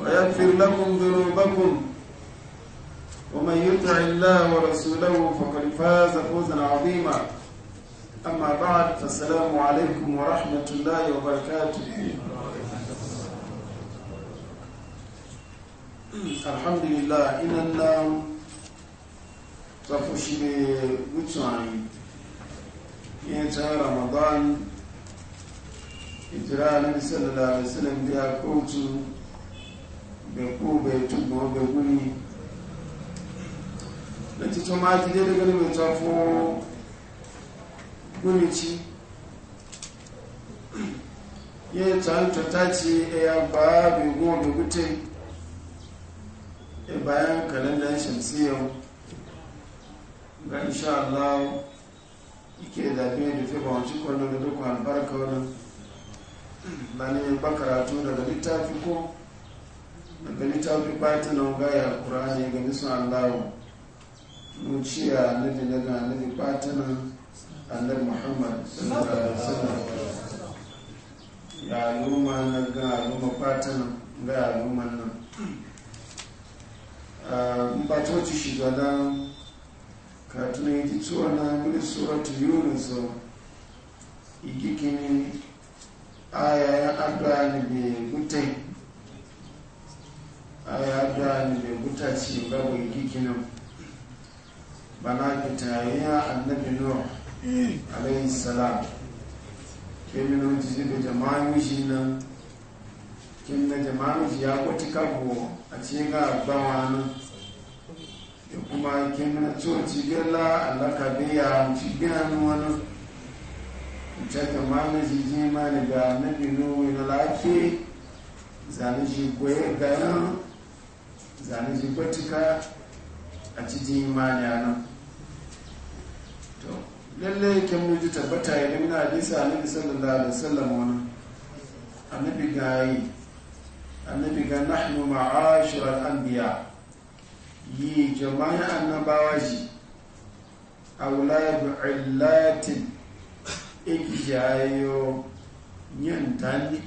ويغفر لكم ذنوبكم ومن يطع الله ورسوله فقد فاز فوزا عظيما أما بعد فالسلام عليكم ورحمة الله وبركاته الحمد لله إن النام تفشي بوتسواني ينتهى رمضان إجراء النبي صلى الله عليه وسلم بها كوتو bẹ̀kú bẹ̀túgbọ̀ bẹ̀kú ni lẹ́tí tó máa ti dédé gẹ́lẹ́ mẹ́ta fún gúnìtí yẹ́ tàntọ́ta ti ẹ̀yà gbà bẹ̀gún bẹ̀gútẹ́ ẹ̀báyán kàlẹ́ndà ṣẹ̀msí ẹ̀wọ̀n ga insha Allah ike da biyu da fi ba wancin kwanan da dukkan albarka wani ba ne ba karatu daga littafi ko daga littafi bata na gaya kurani ga nisan allahu mun ciya annabi daga annabi bata na annabi muhammad ya aluma na ga aluma bata na ga aluma nan ah, a ba ta shiga da katunan yi tituwa na mini suratu yunus igikini aya ya adda ni bi gutai aya da ni da buta ci ba wai gikinan bana kitaya annabi nuh alayhi salam kemin wuce shi da jama'in shi nan kin na jama'in shi ya kwaci kabo a ce ga bawa nan da kuma kemin na ciwo cibiyarla allaka biya cibiyar wani ta jama'in shi ji ma daga annabi nuh na lafiya zane shi koyar ganin zane ji kwatika a cikin imani ana nan to lallai kyan nuji tabbata ya nuna hadisa annabi sallallahu alaihi wasallam wani annabi ga yi annabi ga nahnu ma'ashir al-anbiya yi jama'a annabawa ji auladu illatin ikiyayo yin tani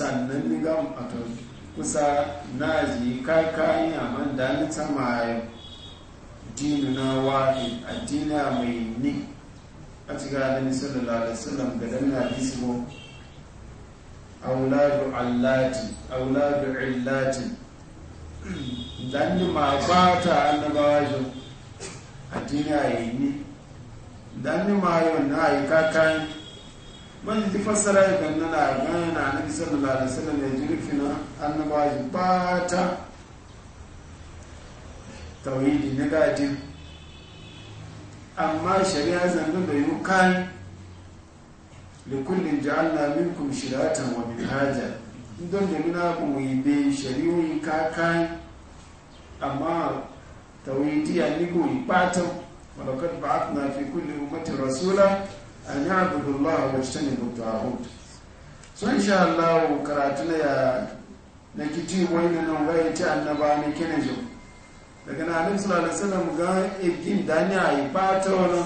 nan ni gamu a a kusa na ji kakayin amman da ni tamaye dinu na a dina mai ni a cikin annabi sallallahu alaihi wasallam ga dan na bisimo auladu allati auladu illati dan ni ma bata annabawa a dina yi ni dan ni ma yau na yi kakayin man ji fassara ya ganna na gana na nabi sallallahu alaihi wasallam ya jiri fina annabawa ji bata tauhidi na gadin amma shari'a zanzu da yi kai likullin ja'alna minkum shiratan wa minhaja don da muna kuma yi be shari'o'i ka kai amma tauhidi ya nigo yi batan walakad ba'athna fi an ya'budu Allah wa yajtanibu at-taghut Sun sha Allah karatu na ya na kiti wani nan ga yace annaba ne kina jo daga na alim sallallahu alaihi wasallam ga ibn a yi fata wani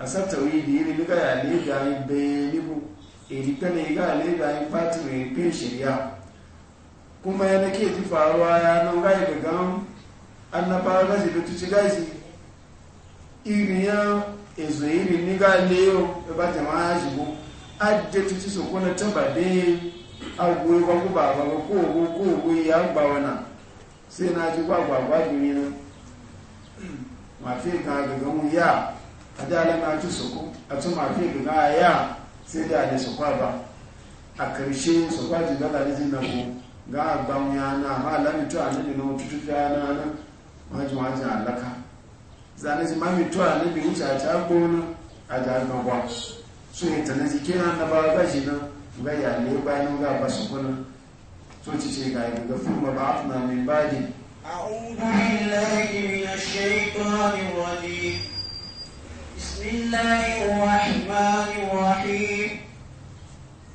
a sattawi da yi ga ya ne da yi bayanibu eri kana ga ne ga yi fata mai fin shirya kuma yana ke ji faruwa ya nan ga yi daga annabawa ga shi da tuci Iri ya. ezoyiri niga leo ba jama'a jibo adde tuti so kona tamba de agwe ba ku ba ba ko ko ko ko ya ba wana sai na ji ba ba ba duni na ka ga ga mu ya na tu so ko atu ma fi ga sai da ne so ba a karshe so kwa ji da da ga ba mu ma la mi to annabi ma alaka zane ji mami to a nabi wuce a cago na a so ya tana ji kina na ba ga shi na ga ya ne bayan ga ba su so ci ce ga ga firma ba a tuna min أعوذ بالله من الشيطان الرجيم بسم الله الرحمن الرحيم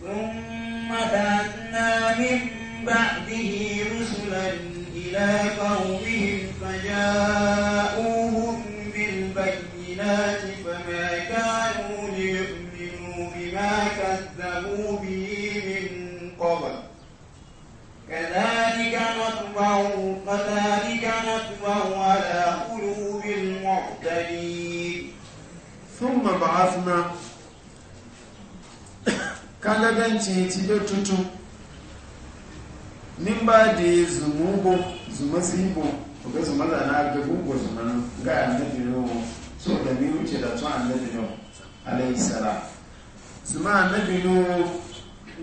ثم بعثنا من بعده رسلا إلى قومهم فجاءوهم الآيات فما كانوا ليؤمنوا بما كذبوا به من قبل كذلك نطبع كذلك نطبع على قلوب المعتدين ثم بعثنا kalabanci ci da tutu nin ba da ya zumugo zuma zibo ga zuma zana ga gugu zuma ga annabi yawon so da ni wuce da tun annabi no alayhi salam zuma annabi no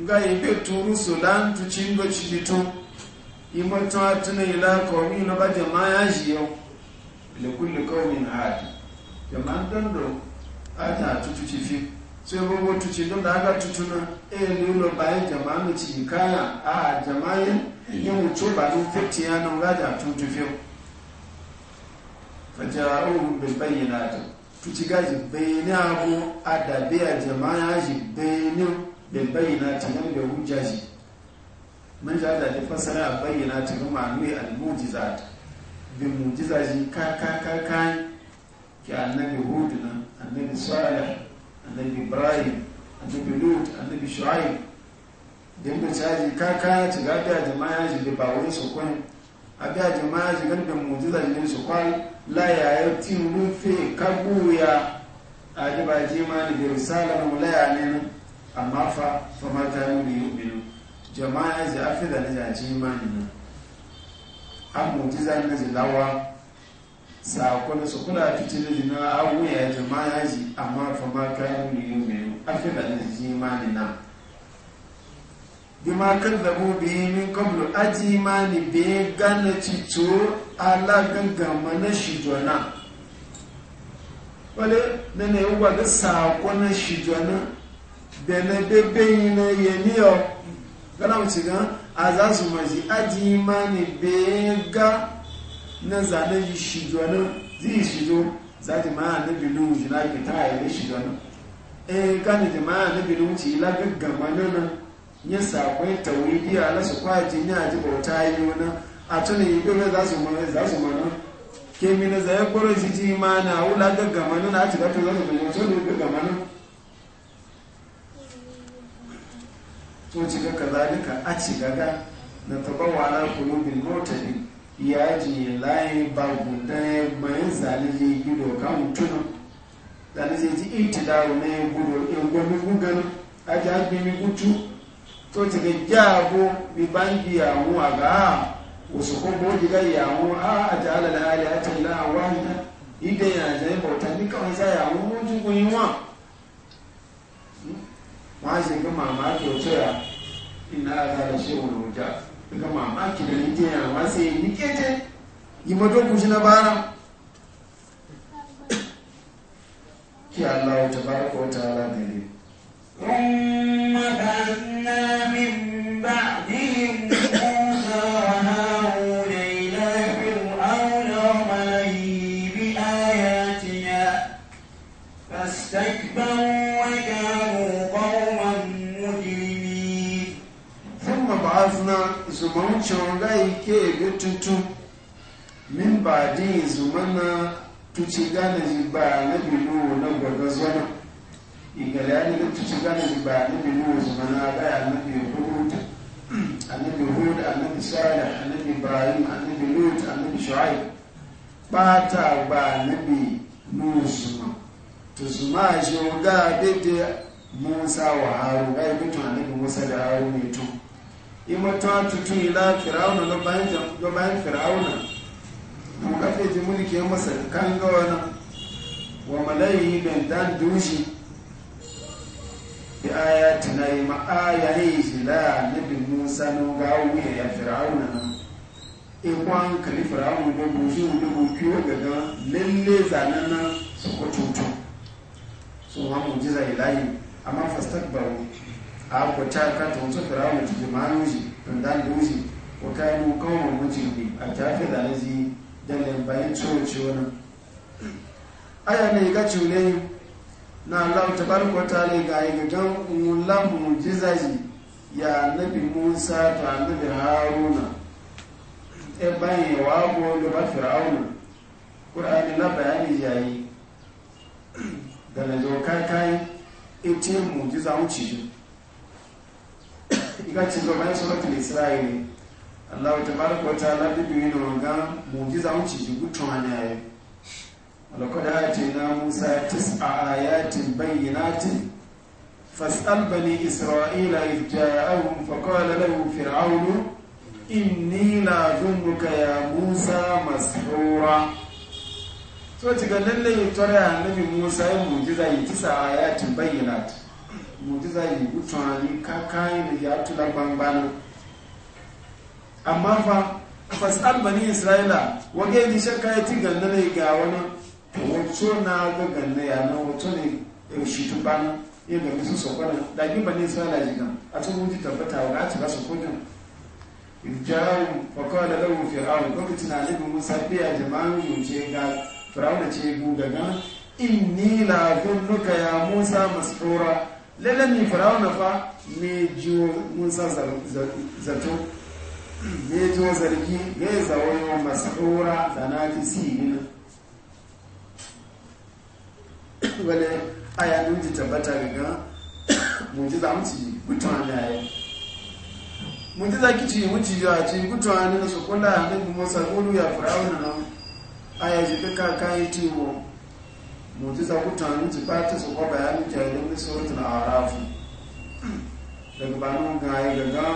nga ibe turu sulan tu cingo cijitu imoto atuna ila qawmi na ba jama'a yau le kulli qawmin hadi jama'an a ata tutu cifi so bo tutu don da aka tutuna e ni ulo bayan jama'an ci kaya a jama'a yin wuce ba dun fitiya no ga da tutu fiyo faja'uhum bil bayyinati tuci gaji bayyana abu adabi a jama'a ji bayanin bil bayyinati nan da hujja ji man ja da fasara a bayyinati ga ma'anui al mujizat bi mujiza ji ka ka ka ka ki annabi hudu nan annabi salih annabi ibrahim annabi lut annabi shu'aib da yadda caji ka ka ci gaji a jama'a ji da ba wai su aga jama'a shigar da mujiza jin su kwai la ya tin rufe kabuya a ji ba ji ma ni da risala na mulaya ne nan amma fa fa ma ta yi biyu biyu. jama'a ji afi da ja ji ma ni nan an mujiza ne ji lawa sakon su kula fitil ji na abuya jama'a ji amma fa ma ta yi biyu biyu. afi da ji ma ni na. bima kadzabu bihi min qablu ajimani be gana cito ala gangama na shijona wale ne ne wa ga sako na shijona be na bebe yin na yeniyo gana mu cigan aza su maji ajimani be ga na zane yi shijona zi shijo za ta ma na bilu jina ki ta yi shijona eh ma jama'a na bilu ci la gangama na na yin sakwai tawidi a lasu kwaji ni a ji bauta yi wani a tuni yi gbe za su mana za su mana ke mina za ya kwaro shi ji ma na wula gaggama na a cika tun zasu dubu tun gaggama na to cika ka zalika a ga na taba wala kunu bin motari ya ji layi babu da ya mayan zalili gido kan tunan zalili ji itidaru na ya gudu in gwamnati gugan a ji gutu tó ti lè já àbó bí bá ń bi àwọn àgá òsùnkú gbòógì láyé àwọn àjà alàlẹ́ àlẹ́ àti ìlà àwọn àyíká ìdè àjà ìbọ̀tà ní káwọn sáyà àwọn ojú kò yín wọ́n wọ́n á ṣe kí màmá kì ó yà ìlà àjà rẹ̀ òun òjà kí màmá kì lè jẹ àwọn àṣẹ ní kéde ìmọ̀tò kù sí náà bára kí aláwọ̀ tàbárọ̀ kọ́ tààrà nìyẹn wucin rai ke ga tutu min ba din zumana tuci gane ji ba na bilu na gwaga zuwa igala ne ga tuci gane ji ba na bilu zumana ga ya na biyu hud annabi hud annabi salih annabi ibrahim annabi lut annabi shu'aib ba ta ba nabi nusuma to zuma shi ga dede musa wa haru ga mutu annabi musa da haru ne tun imata tutun ila firawuna na bayan firawuna Mu kafe ji mulki ya masa kan gawana wa malayi ben dan dushi ya Aya tana yi yi jila na bin musa na gawo ya firawuna na ikon e kali firawuna da gushi wani gufi wa gaga lalle zanen na su kwatutu mu hamu jiza layi amma fastakbaru a akotaka tonsofera mutuzi manuzi ndanduzi da kawo da atafiza nizi dalembayin tsociwona aya ne ga culeyi na Allah ta ne ga yi ga mulan mujizaji ya nabi Musa ta nabi Haruna e yi wa ko da ba fir'auna Qur'ani na bayani yayi da na zo kai kai ite mujiza wuce ikachinzwa mani suratul israeli allahu tabaraka wataala bibiwino wanga muujiza uchijiguthwanyayo walakad atina musa tisa ayatin bayinatin فاسأل بني إسرائيل إذ جاءهم فقال له فرعون إني لأظنك يا موسى مسحورا so ci ga lalle tare annabi Musa ya mujiza yi ayatin bayyinat mujiza yi ka kayi da ya tula gbangbana amma fa fasal bani isra'ila wage ni shakka ya ti ganna ne ga wani wato na ga ganna ya na wato ne ya shi tun bana ya ga bisu sokwana da gi bani isra'ila ga a tun wuji tabbata wa ga ci ba in irjawu wa qala lahu fir'aun lokacin annabi musa biya jama'u mun ce ga fir'auna ce in inni la zunnuka ya musa masrura lalle mi firawuna fa me ji mun san zato me jiwo zargi me zawon masahura da na ji sinina wani aya nun ji tabbata daga mujiza muci gutun ne a ayi mujiza ci muci ya ci gutun ne na sokola ne musa ulu ya firawuna aya ji kaka ci tiwo mujiza kutanin jibata su kwa bayanin jahilin da suratul arafu daga banu gaye gaga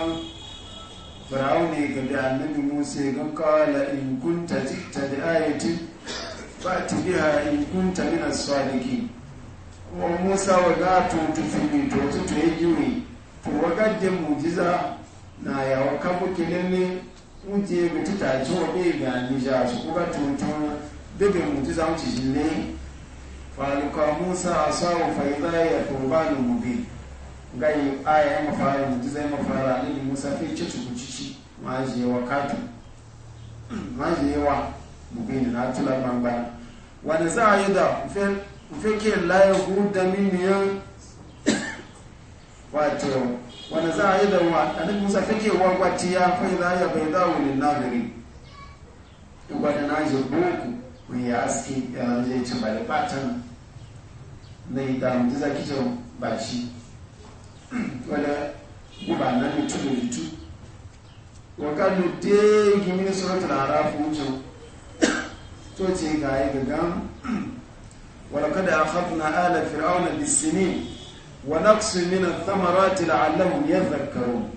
fir'aun ne ga da annabi musa ga kala in kunta jita da ayeti. fa tibiha in kunta min swadiki. sadiqin wa musa wa ga to tufini to to to yiwi mujiza na yawa kabu kilene unje mutita jo be ga ni ja tuntun bebe mujiza mu ci ne falika musa a sawo faida ya turba qurbanu mubin gai aya ya mafara mujiza zai mafara ne musa fi ce cicu kucici maji wa katu maji wa mubin na tula bangba wani za a yi da fike laye huda miliyan wato wani za a yi da wa ɗanin musa fike wa gwatiya fa idha ya bai dawo ne nagari gwada na je boku mun yi aski ya zai ci bari batan na yi damu ta zaki jan baci wadda guban nan da tudu da tu waka da ta yi gini na sauratu na harafu jan to ce ga yi ga gam wadda da haifu na ala fir'auna da sini wadda su yi na tamara tila alamu ya zarkaru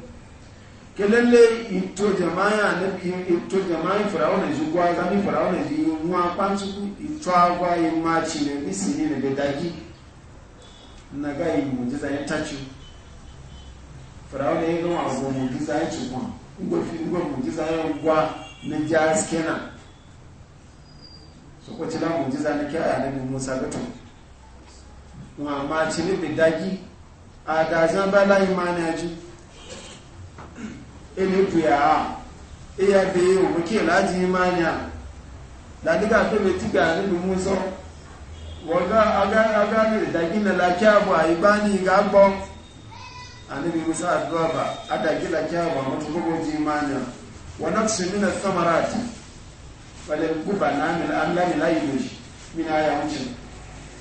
kelele ito jama'a na biyu ito jama'a fir'auna ji gwa zami fir'auna ji yi nwa kwanci ito agwa yi maci na bisini na bedaki na ga yi mujiza ya tace firawuna ya gama abuwa mujiza ya ci kwan ngofi ngwa mujiza ya gwa na jazz kenan so ko ci da mujiza na kya annabi Musa gatun wa ma ci ni bidagi a da zan ba la imani aji ele buya e ya be o ke laji imani da diga to be tiga annabi Musa wọ́gá agáre ìdágínlẹ̀ lákí àbọ̀ àyíbá ní ìgá gbọ́ àníbi musa àdúràbà adàgí lákí àbọ̀ àwọn tó gbogbo jí máa yàn wọ́n náà tún mí náà àti pẹ̀lẹ́ gbùbà láàmì láyé lòdì mí náà yà wúcin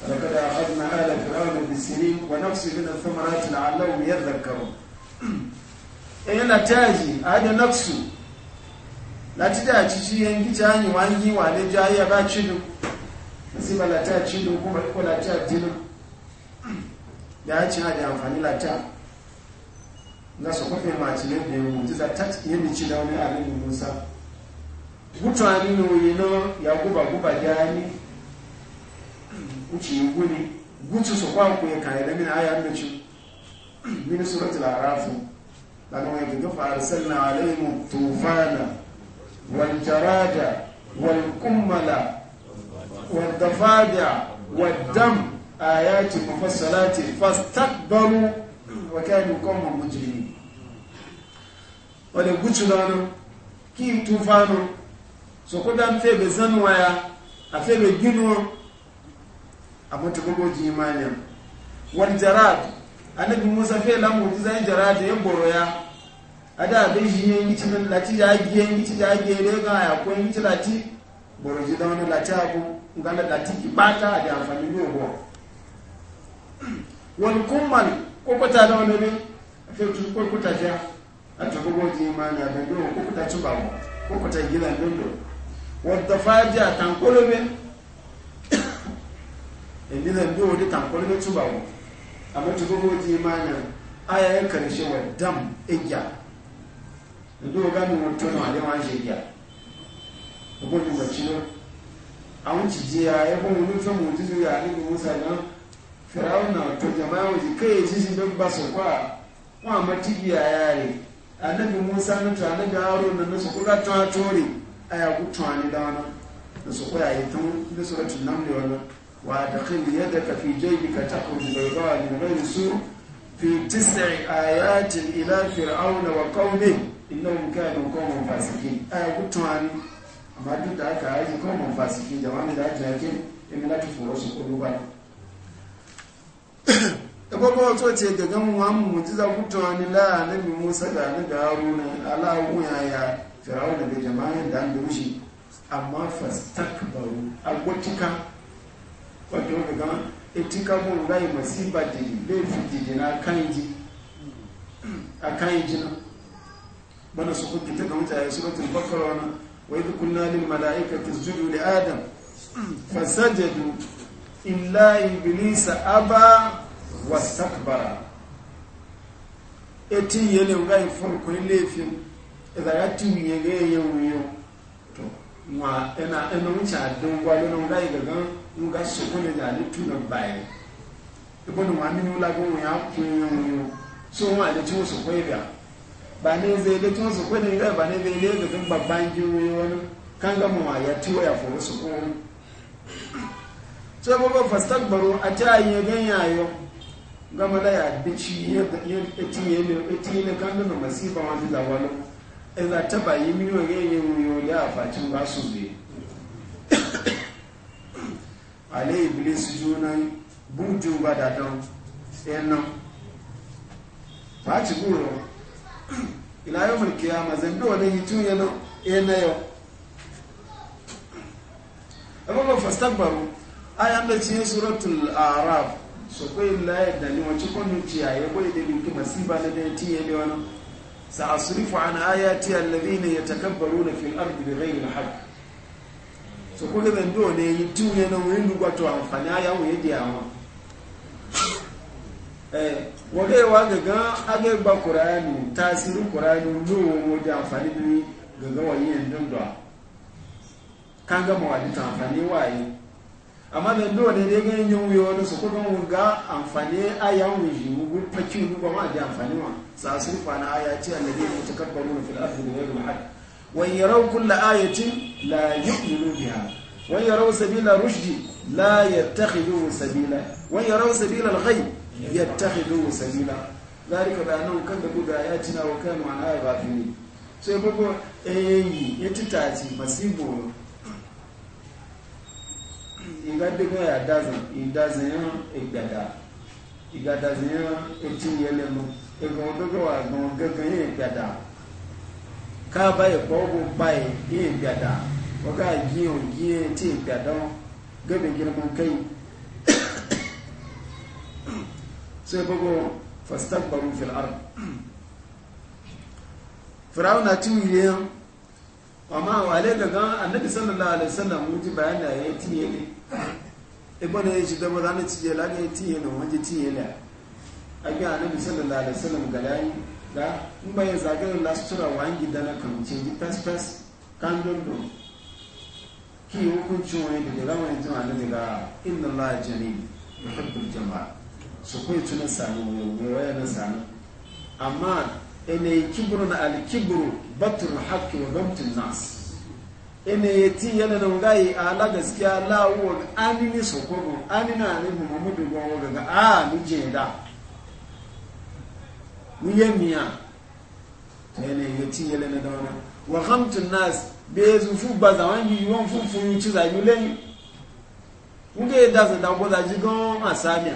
ولقد أخذنا آل فرعون بالسنين ونقص من الثمرات لعلهم يذكرون إن تاجي هذا نقص لا تدع تجي ينجي تاني وانجي وعلي جاية باتشدو ziba lata ci da kuma iko lata dinin da ya ci ha da amfani lata ga su kwafe mace ne da yawon mutu zata yi mici da wani abin musa mutane ne oyi na ya guba guba da gani uci yi guni gutu su kwanku ya kayi da mina ayar da ci mini suratul arafu لأنه يقول فأرسلنا عليهم الطوفان والجراد والقمل والضفادع والدم آيات مفصلات فاستكبروا وكانوا قوما مجرمين wale gucu da wani ki tufano so ko dan febe zanwaya a febe gino a matakogo jimaniya wani jarad annabi musa fe lamu zai jarad ya ya ada abin shi yin gici nan lati ya giye gici ya giye ne ga ya ko yin gici lati boro ji da wani lati abu ngana da tiki bata da amfani ne ko wal kumman ko ko ta da wani ne sai tu ko ko ta ja a ta ko ji ma na da do ko ko ta ci ba ko ko ta gina dondo wal dafaja tan kolo be en dina do de tan kolo be ba amma tu ko ji ma na aya ya karshe wa dam igya do ga mu mutuna da wani igya ko ko mu ci no àwọn jìjì ya mun ìlú mun mú títí rẹ̀ àdébò musa náà fẹ̀ráwọ̀ náà tó jẹ̀mọ́ àwọn jì kéyè tí ṣe lọ́gbà sọ̀kọ́ à wọ́n àmọ́ tíbi àyà rẹ̀ àdébò musa ní tó aro na náà ní sọ̀kọ́ látọ́ a tori aya kú tún àní dáná na sọ̀kọ́ àyè tán ní tun tún so lè ọ̀nà wà á dàkẹ́ ní yẹ́ dẹ́ka fi jẹ́ ibi kàtà kò في تسع آيات إلى فرعون وقومه إنهم كانوا قوم فاسقين آية قلت عنه amadu duk da aka yi kawai mun jamanị da wani ake yake in na kudu ba abubuwa wato ce ga gamu wa mu mujiza kutuwa ni musa da ni da haruna ala wuya ya firawun da jama'in da an dushi amma fastakbaru itika masiba kan a kan jina bana su وإذ قلنا للملائكة اسجدوا لآدم فسجدوا إلا إبليس أبى واستكبر eti yele ngai furko lefi idan ya tumi ya ga yau yau to ma ina ina mun cha don gwalo non ngai ga gan mun ga su ko ne jali tuna bai ibon ma min ula go ya ku so ba ne zai da tun su kudin rai ba ne zai da gudun babban giwoyi wani kan gama ya tuwa ya furu su kuma sai kuma fastak baro a ta yi gan yayo gama da ya bici ya tiye ne kan gama masifa wani zawalo a za ta ba yi bayi miliyon yi wuyo da a facin ba su ne ale iblis juna bujun ba da don sai nan ba ci guro ila yau mulki ya mazan bi wani yi tun yana yana eh, yau amma ba fastakbaru ayan da cin suratul arab so ko illa ya dani wacce kunu ciyaye ko da bin kuma siba na da tiye ne wani sa'asrifu an ayati alladhina yatakabbaruna fil ardi bighayri al-haqq so ko da ndo ne yi tun na wani gwato amfani ayan wuye da yawa wagewa gaga agagba kurani tasirin kurani lowo da amfani bi gaga wani yanzu da kan gama wani ta amfani waye amma da ndo ne dai ganin yin wuyo da su kuma mun ga amfani aya mun yi mu faki mu ba ma da amfani ma sa sun fana aya ce annabi ya takabbaru fil ardi bi ghairi al-haq wa yaraw kull ayatin la yu'minu biha wa yaraw sabila la yattahidu sabila zalika bayanan kan da buga ya cina wa kan ma'ana ya ba fini sai bugu eyi ya titaci masibo iga daga ya dazan in ya igbada iga dazan ya etin yele mu ega odogo wa gan gangan ya igbada ka ba ya bogo ba ya igbada oga yi on yi ti igbada gabe girman kai sai bago fastakbaru fil ard firawuna amma wale ga gan annabi sallallahu alaihi wasallam ya tiye ne ibn ya shi da ba zan ci tiye ne tiye ne annabi sallallahu alaihi wasallam ga dai in bayan zagayen da na kamce ji tas tas kan dondo ki hukuncin wani inna allaha jamil yuhibbul jama'a su kai tunan sani mai waya na sani amma ene kibru na alkibru batul haqqi wa gamtul nas ene yati yana da ngai ala gaskiya la wa amini sokobo amina ne muhammadu ba wa ga a ni je da ni yemiya ene yati yana da wana wa Hamtun nas be zufu bazawangi yon fufu yuci za yulen Nde da za da gozaji gon asamiya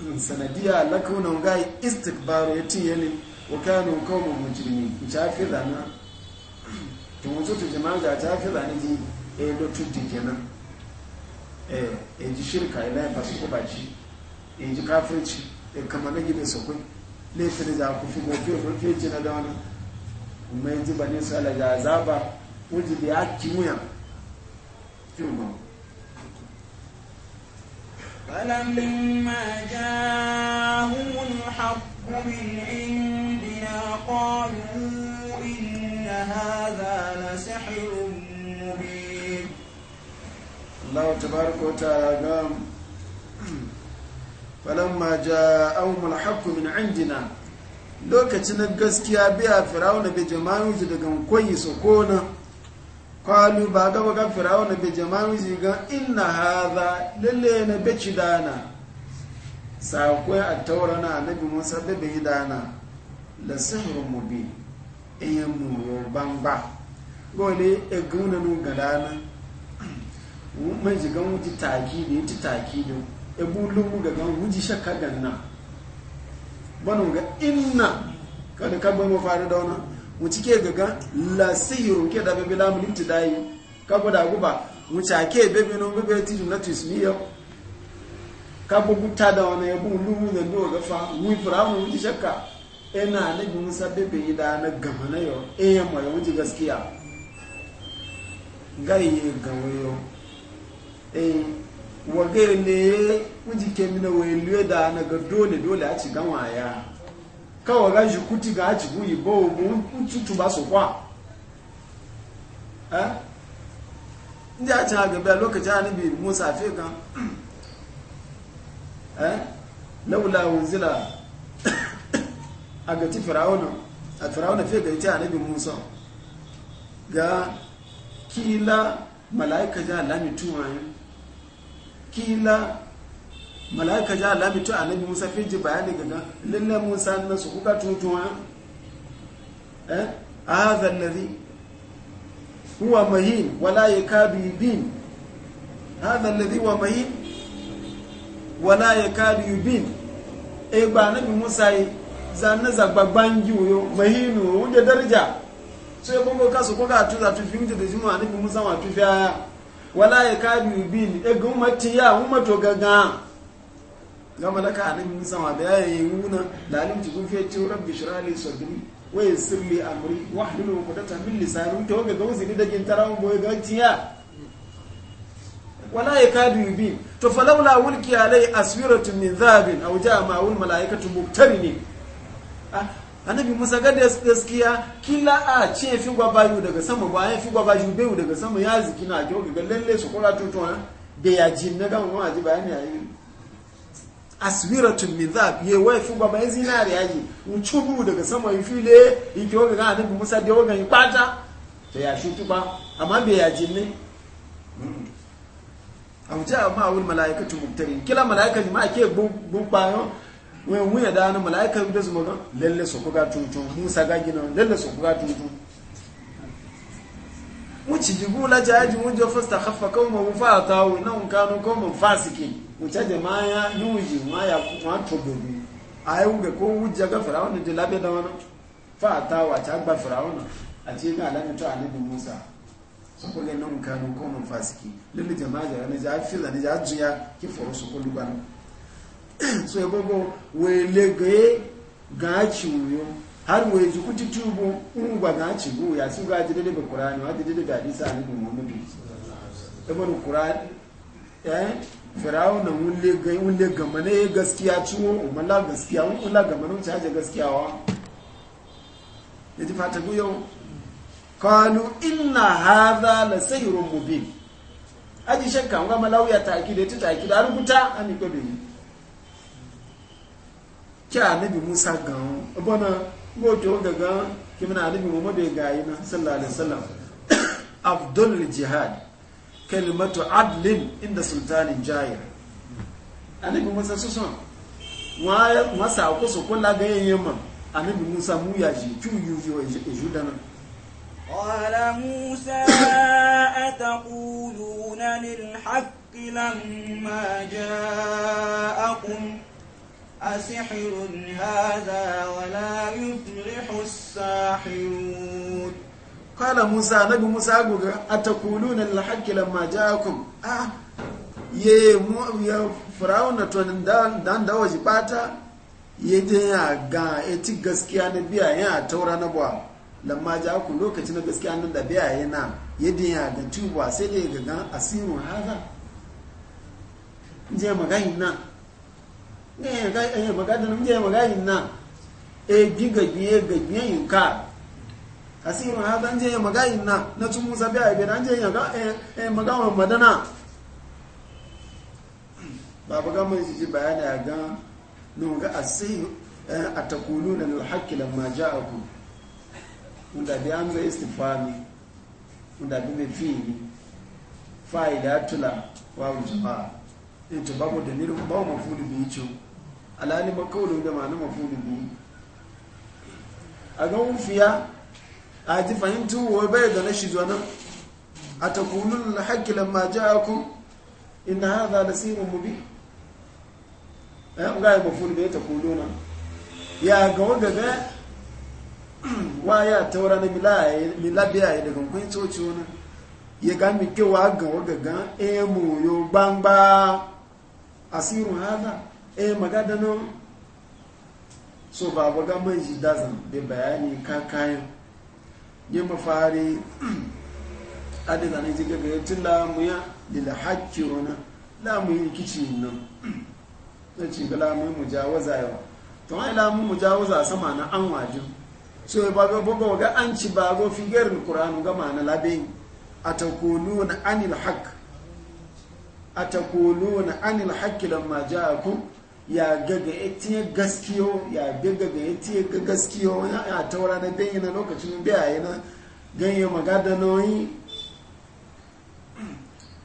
Mm, sanadiya la kauna ga istikbaru yati yali wa kanu qawmun mujrimin mutafi dana to mutu to jama'a da ta fi ji e do tuddi kenan eh e ji shirka ila ba su ko baci e ji eh, kafirci e kama na gibe su kun le da ku fi go fi ji na da wani kuma yanzu bani sala ga azaba uji bi akimuya fi mu فلما جاءهم الحق من عندنا قالوا إن هذا لسحر مبين الله تبارك وتعالى قام فلما جاءهم الحق من عندنا lokacin gaskiya biya فراونا bai jama'in كويس وكونا kwalu ba ga ga firawo na bejaman zigan inna hadha lelee na beci dana sakwe a taura na annabi musa da bai dana la m'obi, mubi eyan mu yo bamba gole e guna nu galana mun zigan wuti takidi ti takidi e bulu mu ga gan wuji na. ganna banu inna kada ka bai mu faru da wannan wuci ke gaga la sihiru ke da bebe lamu limti dayi kago da guba wuci ake bebe no bebe ti na tu ismiya kago guta da wani yabu lumu da ndo ga fa wui firamu wuci shakka ina e bi musa bebe yi da na gama na yau e ya mai wuci gaskiya gaye gawo yo eh wage ne wuci ke mina wai lue da na ga dole dole a ci gama ya káwọn ráyù kútì gan àjìgún ìbò ogun ń tútù bá sọ̀pọ̀ ẹ́ eh? ndị achin agaba lokacin annabi musa fi kan eh laula unzila agati fir'auna a fir'auna fi gaiti annabi musa ga kila malaika ja lami tuwaye kila mala'ika ja Allah bitu annabi Musa fi ji bayani gaga lalle Musa nan su kuka tutuwa eh hadha alladhi huwa mahin wala yakadu yubin hadha alladhi huwa mahin wala yakadu yubin e ba annabi Musa yi zanna zababban giwo mahinu wuje daraja sai kuma kasu kuka tuza tufi mutu da jima annabi Musa wa tufi aya wala yakadu yubin e gumati ya umma to gaga gama k'a anan min sama da yayi yi la alim ti kun fiye rabbi shrah li sadri wa sirri li amri wa hlul uqdatan min lisani to ga gauzi ni dagin tarawon boye ga tiya wala yakadu bi to falawla wulki alai aswiratun min dhahabin aw jaa ma'ul malaikatu muktarini annabi musa ga gaskiya kila a ce fi gwabayu daga sama ba ya fi gwabayu bewu daga sama ya zikina kyau ga lalle su kura tutuwa da ya ji na gama ma ji bayani a yi aswiratun min zab ye wai fu baba yin zinari yaji uchubu daga sama yi file yake wanga ga annabi Musa da wanga yi kwata to ya shutu ba amma bai ya jinni hmm. aw ja ma wal malaikatu mubtarin kila malaika ma ke bun bayo wai mu ya da na malaika da zuma ga lalle su kuga tutu Musa ga gina lalle su kuga tutu mu ci jigula jaji mun jo fasta khaffa kawma mu fa tawo nan kanu kawman fasikin wuce jama'a ya yi wuji ma ya a ko wujja ga firawuna da labe da wani fata wace agba firawuna a ce ga alamito annabi musa su kule nan kanu ko mun fasiki lullu jama'a da wani ja fila ne ja juya ki foro su kulu gano so ya gogo wele gaye ga ciwo har wai ji kuti tubu in gwa ga ciwo ya su ga jidele ba kurani wa jidele ba hadisa annabi muhammadu ibn kurani eh firawuna wunle gama ne gaskiya ciwo umarla gaskiya wunla gama ne wuce gaskiyawa ya ji fata yau kanu inna haza la sayrun mubin aji shakka ga malauya lauya ta ta takide da rubuta an yi gobe ki annabi musa gan bana goto gaga kimna annabi muhammad bai gayi na sallallahu alaihi wasallam Abdul jihad kalimatu adlin inda sultanin jayir anabi musa su son masa ko su kula ga yamma anabi musa mu ya ji ju ju wani ju dana qala musa ataquluna lil haqq lamma ja'akum asihrun hadha wa la yuflihu as-sahirun kala musa nabi musa guga a takuluna lalhaki lamma ja'akum ah ye mu ya firawun na tonin dan da waje bata ye je ya ga eti gaskiya na biya ya taura na bwa lamma ja'akum lokaci na gaskiya nan da biya ya na. Ya je ya ga tuba sai dai ga gan asirun haza je magana na ne ga magana je magana na e giga biye ga biye yinka asiru ha dan je maga inna na tun musa biya be dan je ya ga eh, eh maga wa madana baba ga mun ji bayani ya ga no ga asiru eh, atakuluna lil haqqi lamma ja'akum unda bi amza istifami unda bi me fili fa'ida tula wa jamaa in to babu dalilin ba mafulu bi ci alani ba kaulu da ma na mafulu bi a ga ufiya Ati fahimtu wa bai da na shi zuwa a takulun na haƙƙi lamma ji a ku ina haza da sirin mubi ɗan gaya maful bai takuluna ya ga wanda ga wa ya taura na milabiya ya daga kwan coci wani ya ga mi kewa ga waga ga mu yo gbangba asiru haza e magadanon so ba waga man shi dazan da bayani kakayan yi fari adada na ji gaga yatin lamuya lila haƙƙi wani lamuyi rikici nan na ci ga lamuyi jawo yawa to wani lamuyi mujawaza sama na an waje so ya bago bago ga an ci fi figar kuranu gama na labin a takoluna anil haƙ a takoluna anil haƙƙi lamma ku. ya gaga etiye gaskiyo ya gaga ga etiye ga gaskiyo ya taura na ganye na lokacin biya yi na ganye magada nauyi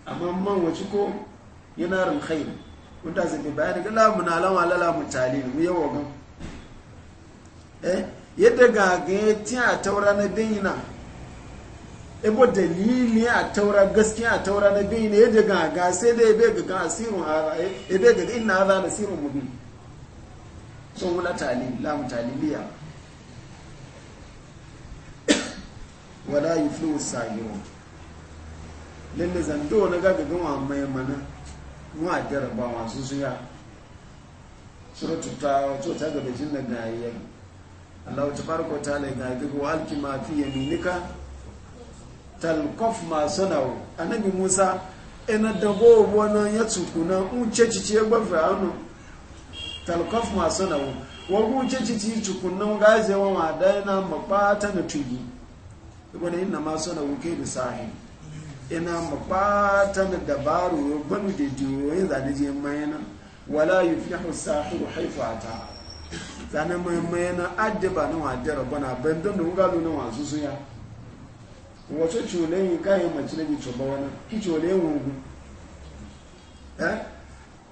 amma man wace ko yana rinkai wanda zai bi bayan ga lamun alama lalamun tali mu yawa gan eh yadda ga ga etiye a taura na ganye na ibo dalili a taura gaskiya a taura na biyu ne ya daga ga sai dai bai ga ga asirin eh, bai ga ina za na sirrin mubin sun wula lamu taliliya wala yi flu sayiwa lalle zando na gaga gama mai mana wa jaraba masu zuya. surutu ta wato ta gaba jin da gayayyar allahu ta farko ta lai ga wa alki ma fi yaminika talkof ma sanawo annabi musa ina dago wani ya tsukuna uce cici ya gbafa hannu talkof ma sanawo wani uce cici tsukunan gaje wa mada yana mabata na tugi wani ina ma sanawo kai da sahi ina mabata na dabaru ya gbanu da jiyoyin zanaje mayana wala yuflihu sahiru haifu ata zanen mayana adiba na wadda rabana bandon da wugalu na wasu suya wato culen kayan mace na bico ba wani ki cule wungu eh?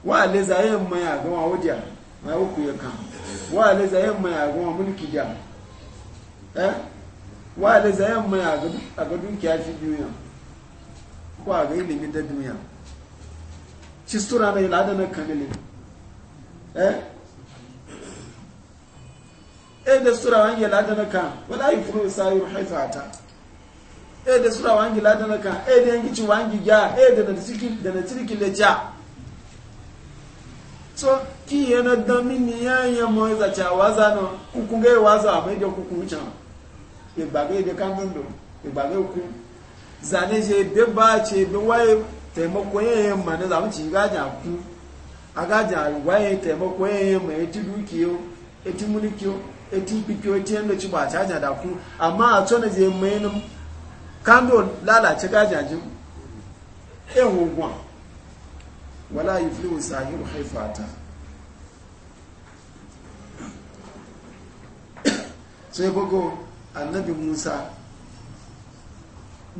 wa le zayen mai a gama wudiya mai uku ya kan wa le zayen mai a gama mulki da eh? wa le zayen mai a ga dukiya fi duniya ko a ga ilimin da duniya ci stura na ilada na kamilin eh eh da stura wani ilada na kan wani yi furu sayi ruhaisa ta e da sura wangi dana ka e da yanki ci wangi ya e da na da na cikin le ja so ki yana da mini ya ya mo za cha waza no kuku ga waza abai da kuku cha e bagai da kan dundo e bagai ku zane je be ba ce be waye taimako yayin ma na mu ci gaja ku agaja waye taimako yayin ma ya ci dukiyo ya ci mulkiyo ya ci fikiyo ya ci yanda ci ba ta da ku amma a tsona je mai kando lalace gajajin yan wogon wala yi fi sahiru haifata sai bugu annabi musa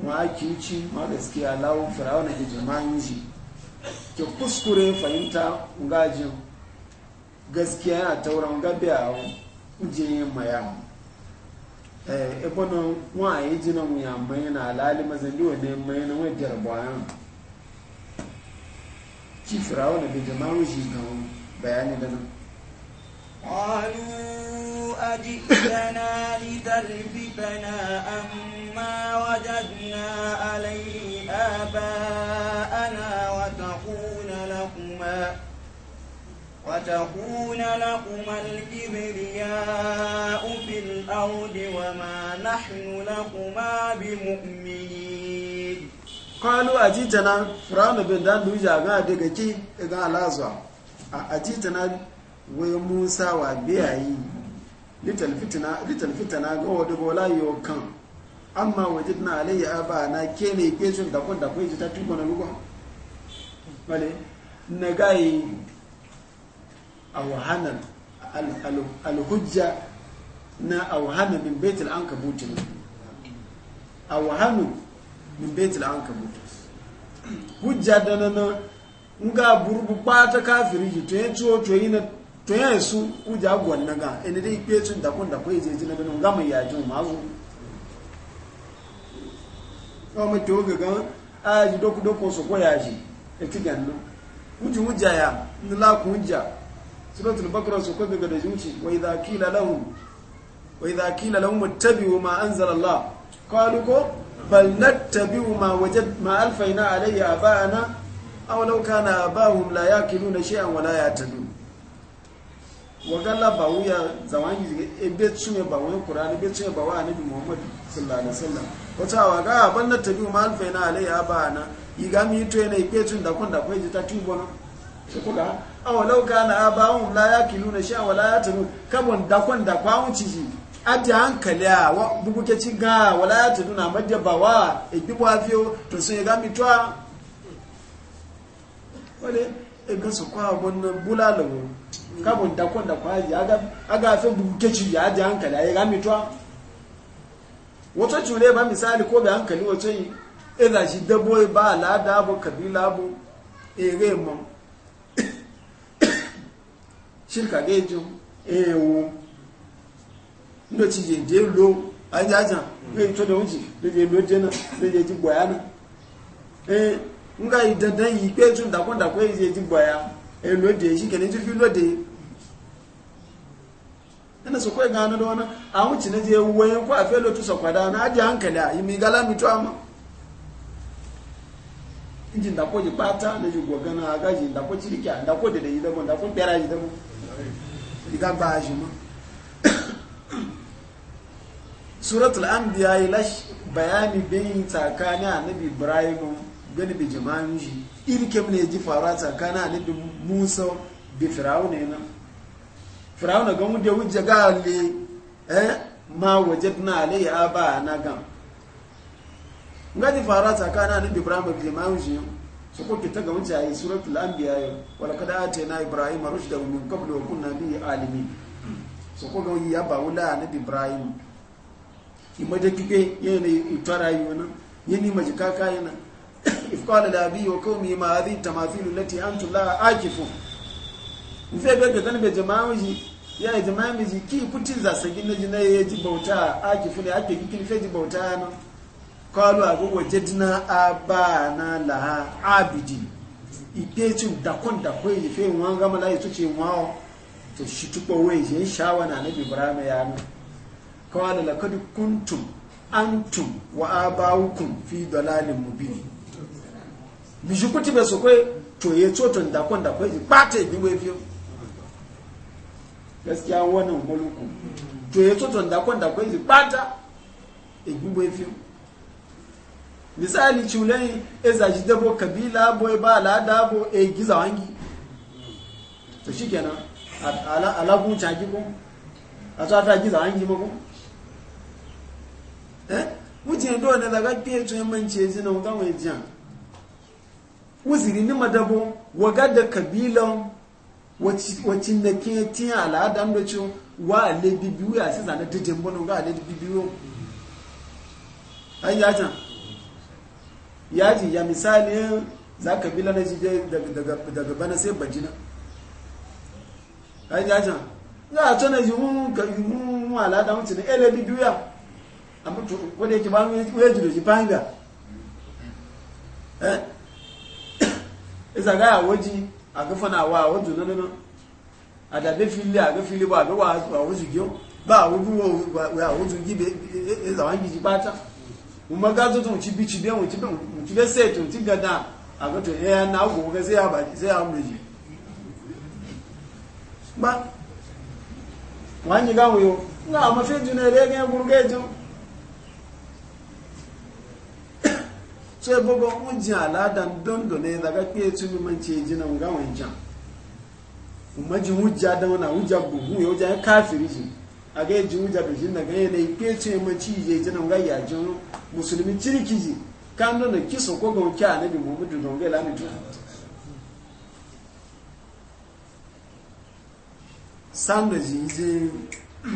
ma kinci ma gaskiya lawon firawuna hijiman ji ke kuskure fahimta gajin gaskiya yana tauran gabi a yin mayamu ebono eh, e wa yi e jina mu ya mai na alali mazali wa ne mai na wa jarbayan ci firawo da bai jama'u shi ga bayani da nan قالوا أجئتنا لتلفتنا أما وجدنا عليه آباءنا وتقول لكما وتكون لكم الكبرياء في الأرض وما نحن لكما بمؤمنين قالوا أجيتنا فرعون بن دان دوجا غا دغتي غا لازوا أجيتنا وموسى وبيعي litalfitana litalfitana ga wadda bola yiwu kan amma wajidna alayhi abana kene ke sun dakon dakon ji ta tukuna ruwa wale na awhanan alhujja na awhana min baitul ankabut awhanu min an ankabut hujja da nana nga burubu pata kafiri ji to yato to yina to yansu hujja gwanna ga ina dai ipe tun da kun da kai je jina bane nga mai yaji ma zo ko mu to ga gan a ji doku doku so ko yaji e ti ganno hujja hujja ya ndala ku hujja suratul bakara su kwabi ga da zuci wa idza qila lahum wa idza qila lahum ittabi'u ma anzala Allah qalu ko bal nattabi'u ma wajad ma alfaina alayhi aba'ana aw law kana abahum wa ba wuya zamani ebe tsume ba wani qur'ani ebe tsume ba wani bi Muhammad sallallahu alaihi wasallam ko wa ga ban nattabi'u ma alfaina alayhi aba'ana igami to ne ipe tun da kun da kwai ta na? su awa lauka na abawun la ya kilu na sha wala ya tunu kamun dakon da kwawun ciji adi hankali a bubuke ci ga wala ya tunu na madya ba wa igbibu e afiyo to sun yi gami tuwa wale igan e su kwa wannan bulalawo kamun dakon da kwaji aga fi bubuke ci ya adi hankali a yi gami tuwa wato cure ba misali ko bai hankali wato yi ina e shi dabo ba al'ada abu kabila abu ere mun shirka ga ejo eh, ewu ndo ci lo ajaja we to da wuci da je lo jena ji na eh nga idandan yi pe tun da kon da ko je ji e lo de shi kenan ji fi lo de ina e so ga na na a na je wo ko a fe lo tu kwada na aje hankali a yi mi gala mi ama injin da ji pata na ji gogana aga ji da ko cirki da yi igagba ajima suratul anbiya ila bayani bayin tsakanin annabi ibrahim gani bi jama'in shi irke ne ji fara tsakanin annabi musa bi firawuna yana firawuna ga mu da wujja ga le eh ma wajadna alayhi aba na gam ngadi fara tsakanin annabi ibrahim bi jama'in shi su ko ki taga wuce ayi suratul anbiya yo wala kada atayna ibrahim rushdahu min qablu wa kunna bihi alimin su ko gawi ya ba wala nabi ibrahim ki maje kike yana utara yana yani maji kaka yana if qala la abi wa qaumi ma hadhihi tamathilu allati antum la ajifu mfe be ga tanbe jama'a ji ya jama'a ji ki putin za sagin na ji na ji bauta ajifu ne ake kikin fe ji bauta na kalu agogo jadina abana laha abidi ikecin dakon dakon yi fe wọn gama layi su ce wawo to wai je shawa na ibrahim ya mi kalu lakad kuntum antum wa abawukum fi dalalin mu bi shi kuti be so tsoton dakon dakon yi pata bi wai fi gaskiya wannan muluku to ye tsoton dakon dakon yi pata egbubo fi misali culai ezaji zaji dabo kabila boy ba alada bo e giza wangi to shikenan ala ala ku caji ko a ta giza wangi ba ko eh mujin do na daga tiye to man ce na ga wai jan uziri ni madabo waga da kabila wacce na ke tiya alada da cho wa le bibiwe a sai zana dede mbono ga le bibiwe ai ya yaji ya misali za ka bila na jide daga bana sai bajina ka yi jajan za a tana yi mun ga yi wala da mutu na elebi duya a mutu wadda yake ba yi jiro ji fahimta isa ga waji a gafana wa wajen nan nan a dabe fili a fili ba ga wa wajen gyau ba a wajen gibi ya wajen umaga tutu uchibi chibi uchibi uchibi setu utigada agato eya eh, na ugo uga zeya ba zeya mriji ba wanyi ga uyo na amafeju na elege gurugeju so ebogo unji alada ndondo ne daga kwe tumi manche jina nga wenja umaji hujja da na hujja buhu yoja kafiri jina a ga ji wuja da jin daga yanayi ke ce maci je jinan ga ya jin musulmi cirki ji kan don da kisa ko ga wuce annabi muhammadu don ga lamitu sam da ji je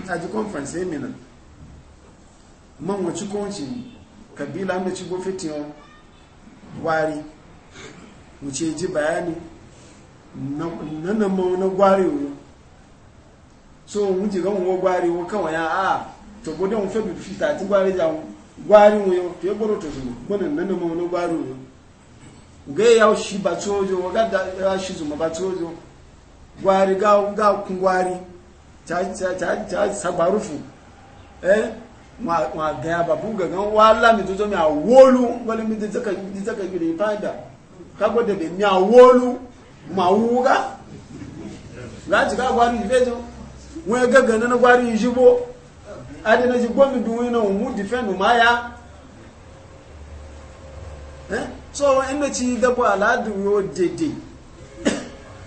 a ji conference ne nan man wace kunci kabila da ci gofetiyon wari mu ce ji bayani na na mauna gwari wuyo so òun ti rán òun gbárí wọn káwọn ya a tògbódé òun fẹ́ dùdú fìtà àti gwari jà wọn gbárí wọn yọ tó gbọ́dọ̀ tó sùn gbọ́dọ̀ nínú mọ́ ló gbárí ga ya shi ba tsojo wa ga ya shi zuma ba tsojo gwari ga ga kun gwari ta ta ta ta sabarufu eh ma ma ga ba buga gan wala mi to mi awolu wala mi to ka mi to ka gidi fada ka gode be mi awolu ma wuga lati ka gwari fejo wọ́n gẹ́gẹ́ nínú gbárí ìṣíbó adínẹ́sí gómìnà iná òmú dìfẹ́nù máyá so ẹni tí dẹ́bọ̀ aládùn yóò dèdè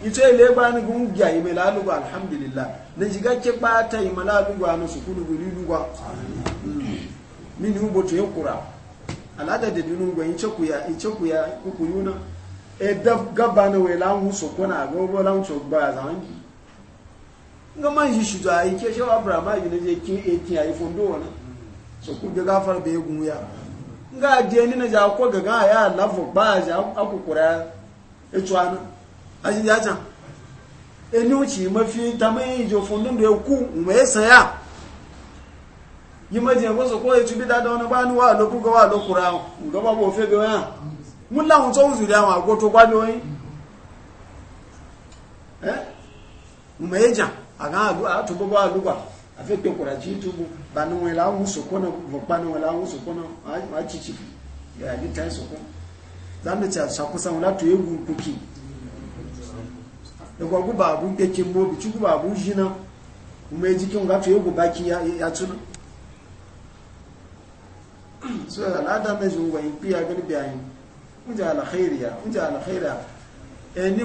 ito ile ba ni gun gya yi mai lalugu alhamdulillah na jiga ke ba ta yi malalugu a nasu kudu guri lugwa hmm. min hubo to yin kura alada da dunun gwa in ceku ya in ceku ya kuku yuna e da gaba na wai lan husu kuna gogo lan ceku ba ya nga man yi shudu e a yi ke shawa abraham a yi na je kin etin a yi fondo wani so ku ga gafar bai gun ya nga je ni na ja ko ga ga ya lafu ba ja akukura e tuana a ji ja can eni uchi mafi tamai jo fondo ndo ku me saya yi ma je ko so ko e tubi da don ba ni wa lo ku ga wa lo kura ndo ba bo fe be ya mun la hun so uzu da wa go to kwa do yin eh mu me ja aga atubo bo aluwa afi pe kura wọn la wọn soko na wọn la wọn soko na wọn chichi ni ta soko zamu ta wọn latu egwu kuki da gwagu ba abun keke mobi jina kuma ya jikin gato ya baki ya tuna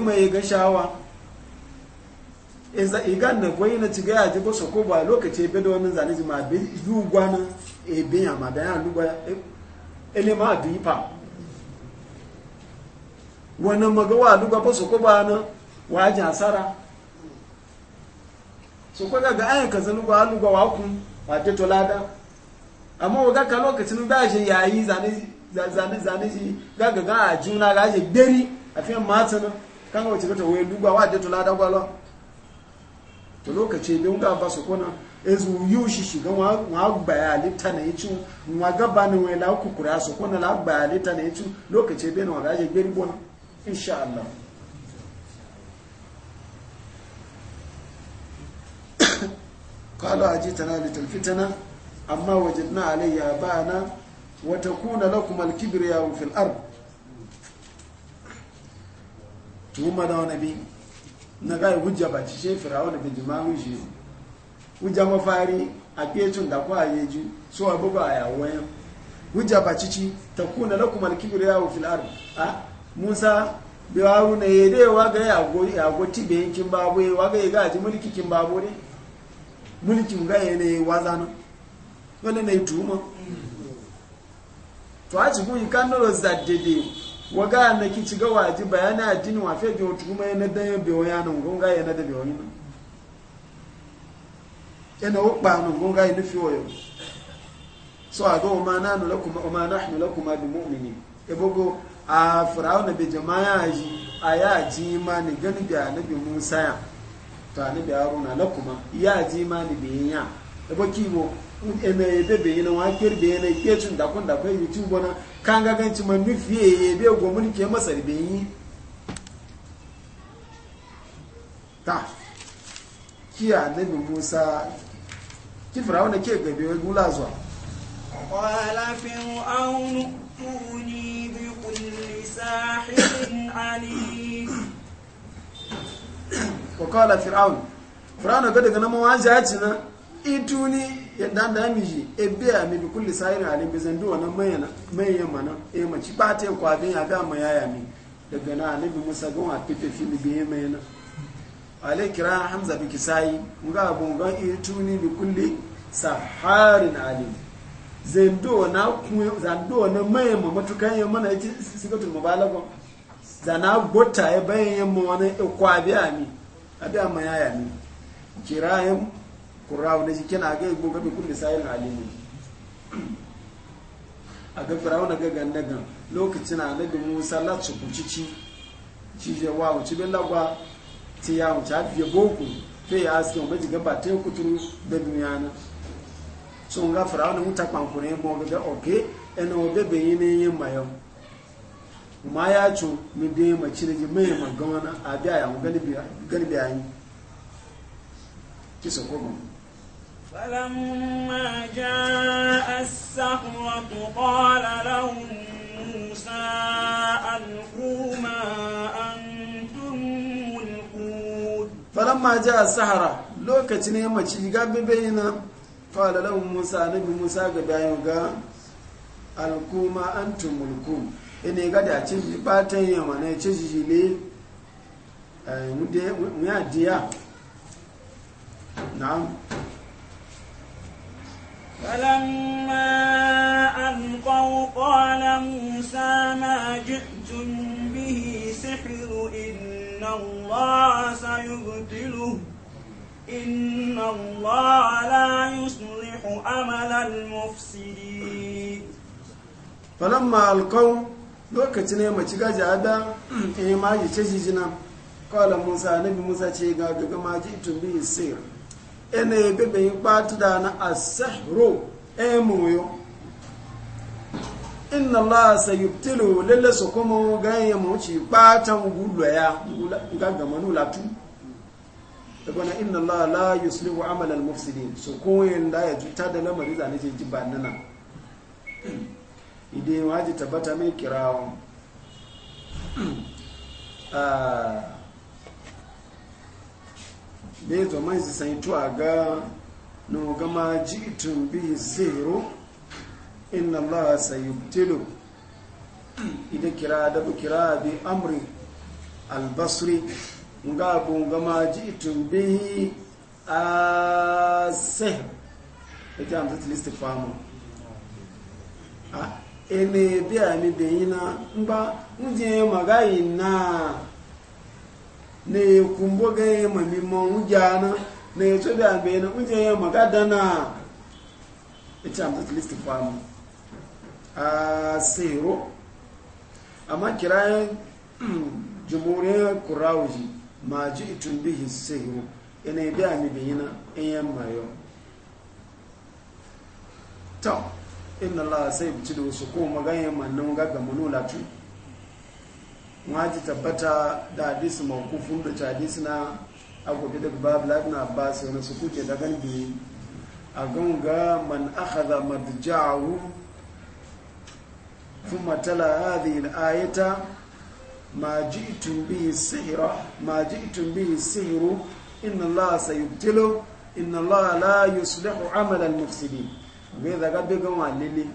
mai gani iza igan na gwai na ci gaya ji boso ko ba lokaci ebe da wani zane ji ma bi yu na ebe ya ma da ya lugwa e, ele ma bi pa wani wa lugwa boso ko ba na wajen asara so ko ga ayan kaza lugwa lugwa wa kun wa te to lada amma waga ka lokacin da je yayi zane zane zane ji ga ga ga juna ga je beri afiyan matana kan ga wace ka to we lugwa wa te to lada gwalo da lokaci don ga ba su kuna ezu yu shi shiga wa gba ya lita na yi cin wa gaba ni wai lauku kura su kuna la gba ya lita na yi cin lokaci bai na wadaje gari gona insha Allah kala aji tana litar fitana amma waje na alayya ba na wata kuna la kuma alkibir ya arba tuhumma da wani biyu na ga hujja ba ci she firawuna da jima'un shi hujja mafari a kecin da ku haye ji so a buga a yawon hujja ba ci ci ta kuna na kuma alkibir yawo filar a musa bi haruna ya dai waga ya go tibe yankin babu ya waga ya gaji mulki kin babu ne mulkin ga ya ne wazano wani na yi tuma to a yi kan nolo zadede Wa ga na ki ci gawa ji bayani a jini wa fiye biyu kuma yana dan yin biyu yanin gunga yana da biyu yanin yana wukpa nun gunga yana fi wayo so a ga umana nula kuma umana nula kuma bi mu'mini ebogo a firawun da bai jama'a ji a ya ji ma ni gani a na bi musa ya ta ni biya runa na kuma ya ji ma ni bi ya ebo kibo ene ebe bi yana wa kirbe yana ikecin dakon dakon yi tubo na kan ga ganci man nufi ya yabe go mulki masar yi ta kiya annabi Musa ki firawuna ke gabe gula zuwa qala fir'aun tuni bi kulli sahirin alim wa qala fir'aun fir'aun ga daga nan mawaji na ituni yadda da miji mi bi kulli sayri ali bi zan duwa nan mayana mayan mana e ma ci bate kwa bin ya ga ma yaya mi daga na annabi musa gon a pipe fili bi e mayana ale kira hamza bi kisai nga abu ga ituni bi kulli saharin ali zan duwa na ku zan duwa nan mayan ma matukan yan mana ci sigatul mubalago zana gota e bayan yan ma wani e kwa biya mi abi amma yaya mi kirayen kurawo na jikin a gai goga mai kulle sayin alimu a ga firawo ga gagan dagan lokacin annabi musa la lati ci je wa wuce bin lagwa ta ya wuce hafiye boku ta yi askin maji gaba ta yi kuturu da duniya na sun ga firawo na muta kwankure ma ga oke yana obe bayi ne yin mayan ma ya ci min da yi maci da ji mai magana a biya yawon galibi yayin kisa kogon فلما جاء السحرة قال لهم موسى ألقوا ما أنتم ملقون lokacin yammaci ga bibayina fala lahu musa nabi musa ga bayan ga alkuma antum mulkum ene ga da فلما ألقوا قال موسى ما جئتم به سحر إن الله سيبطله إن الله لا يصلح أمل المفسدين فلما ألقوا lokacin ya mace gaji ada ya maji ce jijina kawai musa nabi musa ce ga gaga maji ene ebe bai batu da na asahro emoyo inna su kuma ganye mu ci ya gaga manu latu inna allah la yuslihu su koyin da ya juta da lamari zane je ji banana ide waji tabbata mai kirawo ah. bai zama sai tuwa ga na gama jitun bi sihiru inna Allah sayubtilu ida kira da bu kira bi amri albasri nga bu gama jitun bi a sihir e ita amsa tilistik e famu a ene bi a mi bayina ba mu je na na kumbo ga ya ma mimmo wujana na ya tobi a bai na wuje ya magada na ita amsa ta listi famu a sero amma kirayen jumuriyar ma ji itun bihi sero ina na a mibiyina in mayo ta inna la sai bici da wasu ko magayen mannan n'ụlọ nulatu waji tabbata da hadisi mawkufun da ci hadisi na agobi da babu labin abbas wani su kuke da ganbi a ganga man akhadha madja'ahu thumma tala hadhihi al-ayata ma ji bihi sihra ma ji'tum bihi sihru inna allaha sayubtilu inna allaha la yuslihu amala al-mufsidin ga da gabe ga walili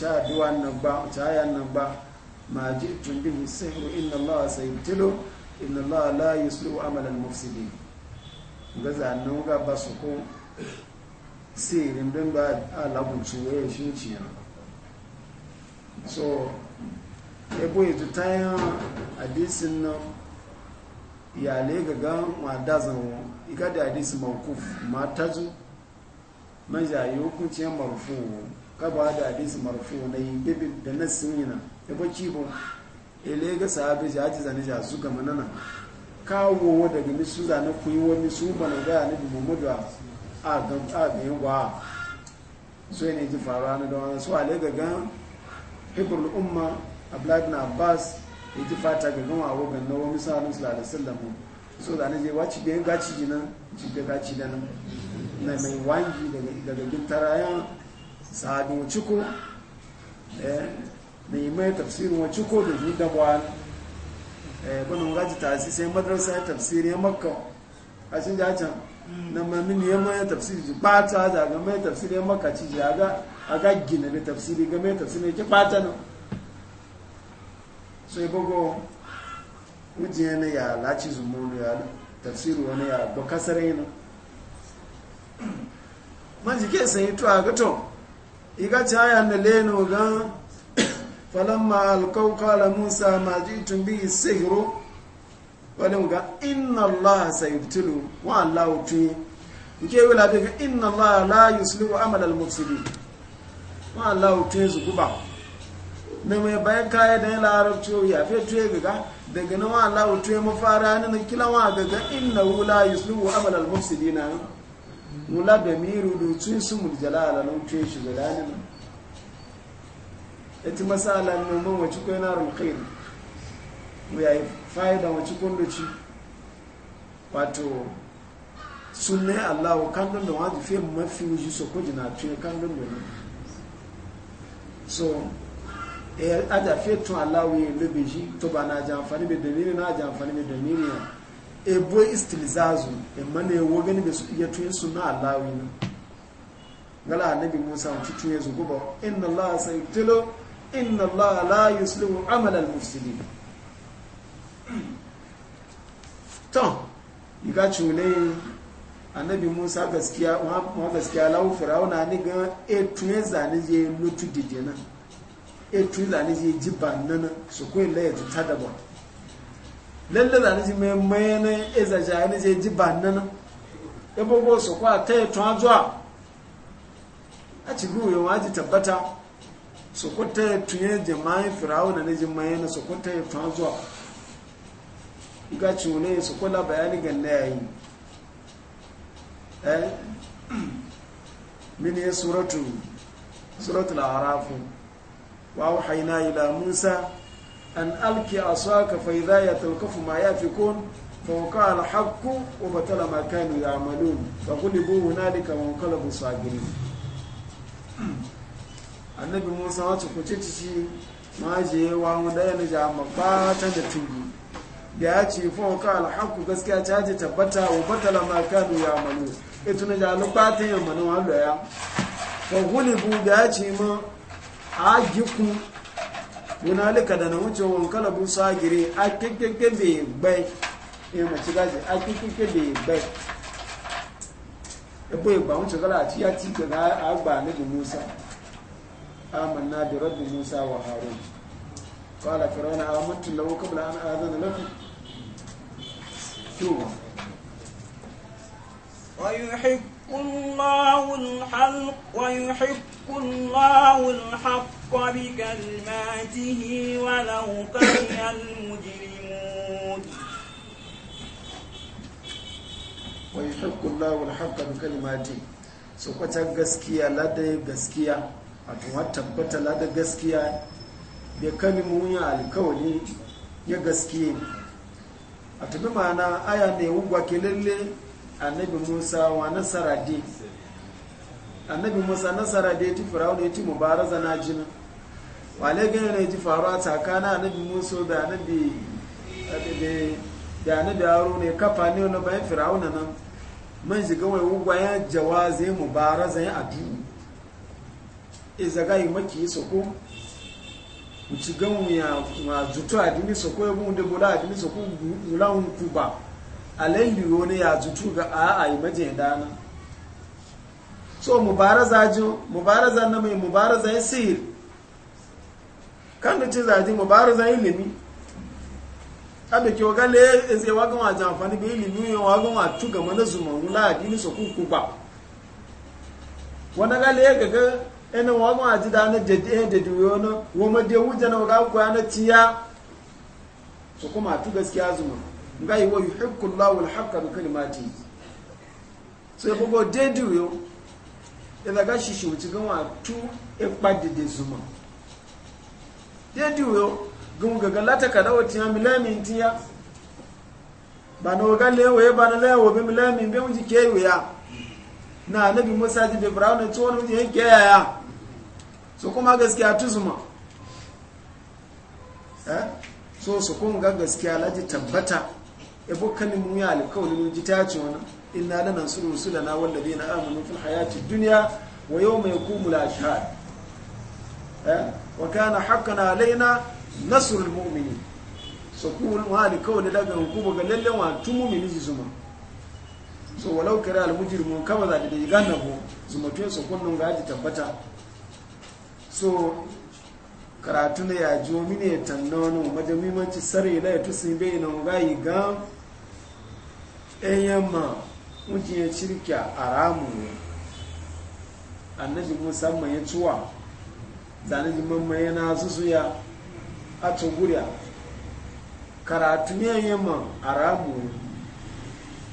cha duwan nan ba cha yan nan ba ma jittum bihi sihru inna allaha sayubtilu inna allaha la yuslihu amalan mufsidin ga zannu ga basu ko sirin don ba alagun ciwo shi ciya so ebo yi tayan hadisin nan iyalai gaga dazan wo iga da hadisi mawkuf ma tazu manja yi hukunciyar marufu ba da hadisi marufu na yi bebe da na sinyina ba kibo ele ga sahabe ji aji zane ji azu ga manana kawo daga misura na kuyiwa misu mana ga ne bi muhammadu a ga a ga yin wa so ne ji fara na don su ale ga gan hibrul umma abdullah ibn abbas ya ji fata ga gan wawo ga nawo misalin sallallahu alaihi wasallam so zane ne je waci ga gaci ji nan ji ga gaci da nan na mai wangi daga daga gittarayan sahabi ciko eh da yi mai tafsirin wacce ko da yi dabuwa eh, bana gaji ta si sai madrasa ya tafsiri ya makka a cin jajan mm. na mamini ya mai tafsiri ji bata da ga mai tafsiri ya makka ci ji a ga gina da tafsiri ga mai tafsiri ya ki bata nan sai bugu ujiye na ya laci zumuru ya tafsiri wani ya ba kasare na man jike sai to a gato iga ci haya na leno gan فلما alqaw قال musa ما جئتم به sihru wani ga inna allaha sayubtilu wa allahu tu nke wala inna allaha la yuslihu amal al mufsidin wa allahu su zuguba na mai bayan kaya da yin larabci ya fi tuye gaga daga na wa allahu tu ya mafara ne na kila wa gaga inna hu la yuslihu amal al mufsidin mula da miru da tun su tuye shi da eti masala nan ban wace ko yana rukai mu yayi fa'ida wace kunduci wato sunne allahu kandun da wani fiye mafi wuji so ko jina tuye kandun da ne so e aja fiye tun allahu ya lobe ji to ba na ji amfani bai dalili na ji amfani bai dalili ya e boy istilizazu e mana ya wogani bai iya tuye sunna allahu ne gala annabi musa mutu tuye zuguba inna allaha sayyidilu inna Allah la yuslihu amalan mufsidin to yiga cule annabi Musa gaskiya wa gaskiya lawo firawuna ni ga etun zani je lutu didena etun zani je jiban nan su ko la ya tada ba lalle zani je mai mai ne eza zani je jiban nan ebogo su kwa ta etun ajo a ci ruwa ya waji tabbata sokota ya tunye jama'in firawuna na jama'in na sokota ya tun zuwa ga cune sokola bayani ga na yayi eh mini suratu suratul araf wa wahayna ila musa an alki asaka fa idha yatalqafu ma yafikun fa waqa al haqqu wa batala ma kanu ya'malun fa qulibu hunalika wa qalbu sagirin annabi musa wacce kuce cici ma je wa mu da yana ja mabata da tudu da ya ce fa ka alhaqu gaskiya ta ji tabbata wa batala ma kanu ya manu e tuna ja lu bata ya manu wa da ya fa bu da ya ce ma a giku hunalika da na wuce wa wankala bu sagire a kekkeke be bai e ma ci gaje a kekkeke be bai ebe igba wuce kala a ci ya ci ga agba annabi musa آمنا برب موسى وهارون قال فرعون آمنت له قبل أن آذن لكم شوفوا ويحب الله الحق ويحب الله الحق بكلماته ولو كره المجرمون ويحب الله الحق بكلماته سوكتا غسكيا لدي غسكيا a tuwa tabbata la da gaskiya da kalimun ya alkawali ya gaskiye a tafi ma'ana aya ne wugwa ke lalle annabi musa wa nasara de annabi musa nasara de ti firawuna wani ti mubaraza na jinin wale gane ne ji faruwa tsakanin annabi musa da annabi da annabi aro ne kafa ne wani bayan firawuna nan man shiga wai wugwa ya jawaze mubaraza ya adu ezagayi maki soko muci gamu ya zutu adini soko ya mun da bula adini soko gulan kuba alayhi wani ya zutu ga a a yi maje dana so mubaraza jo mubaraza na mai mubaraza ya sihir kan da ce zaji mubaraza ilimi abe ke wagale ezike wagon a jamfani bi ilimi yau wagon a tuga mana zumanu la adini soko kuba wani le ya ga. ene wa ma ji da na dede he dede yo no wo ma de wuja na ga ku ana tiya so kuma tu gaskiya zuma ngai wa yuhibbu Allahu al-haqqa bi kalimati so ko go dede yo ila ga shi shi wuci gan wa tu e pa dede zuma dede yo gun ga galata kada wati ya milami tiya ba na ga lewe ba na lewe bi milami be wuji ke ya na nabi musa ji be brown to wani wuji ke ya su kuma gaskiya tuzuma eh so su kuma gaskiya laji tabbata e bukkan mu ya mun ji ta ce wannan inna na wanda wal na amanu fil hayati duniya wa kumu la ashhad eh wa kana haqqan alaina nasrul mu'mini su kuma wa alkawlin daga hukuma ga lalle wa tun mu'mini zuma so walau kare almujirmu kama za da ganna ko zuma to so kun ga ji tabbata so karatu na ya ji omi ne tanna wani wadda mimanci sare na ya tusi bai na ga yi gan ɗanyen ma mujiyar shirka a ramu annabi musamman ya tuwa zane jiman mai yana ya a tuguriya karatu ne yamma a ramu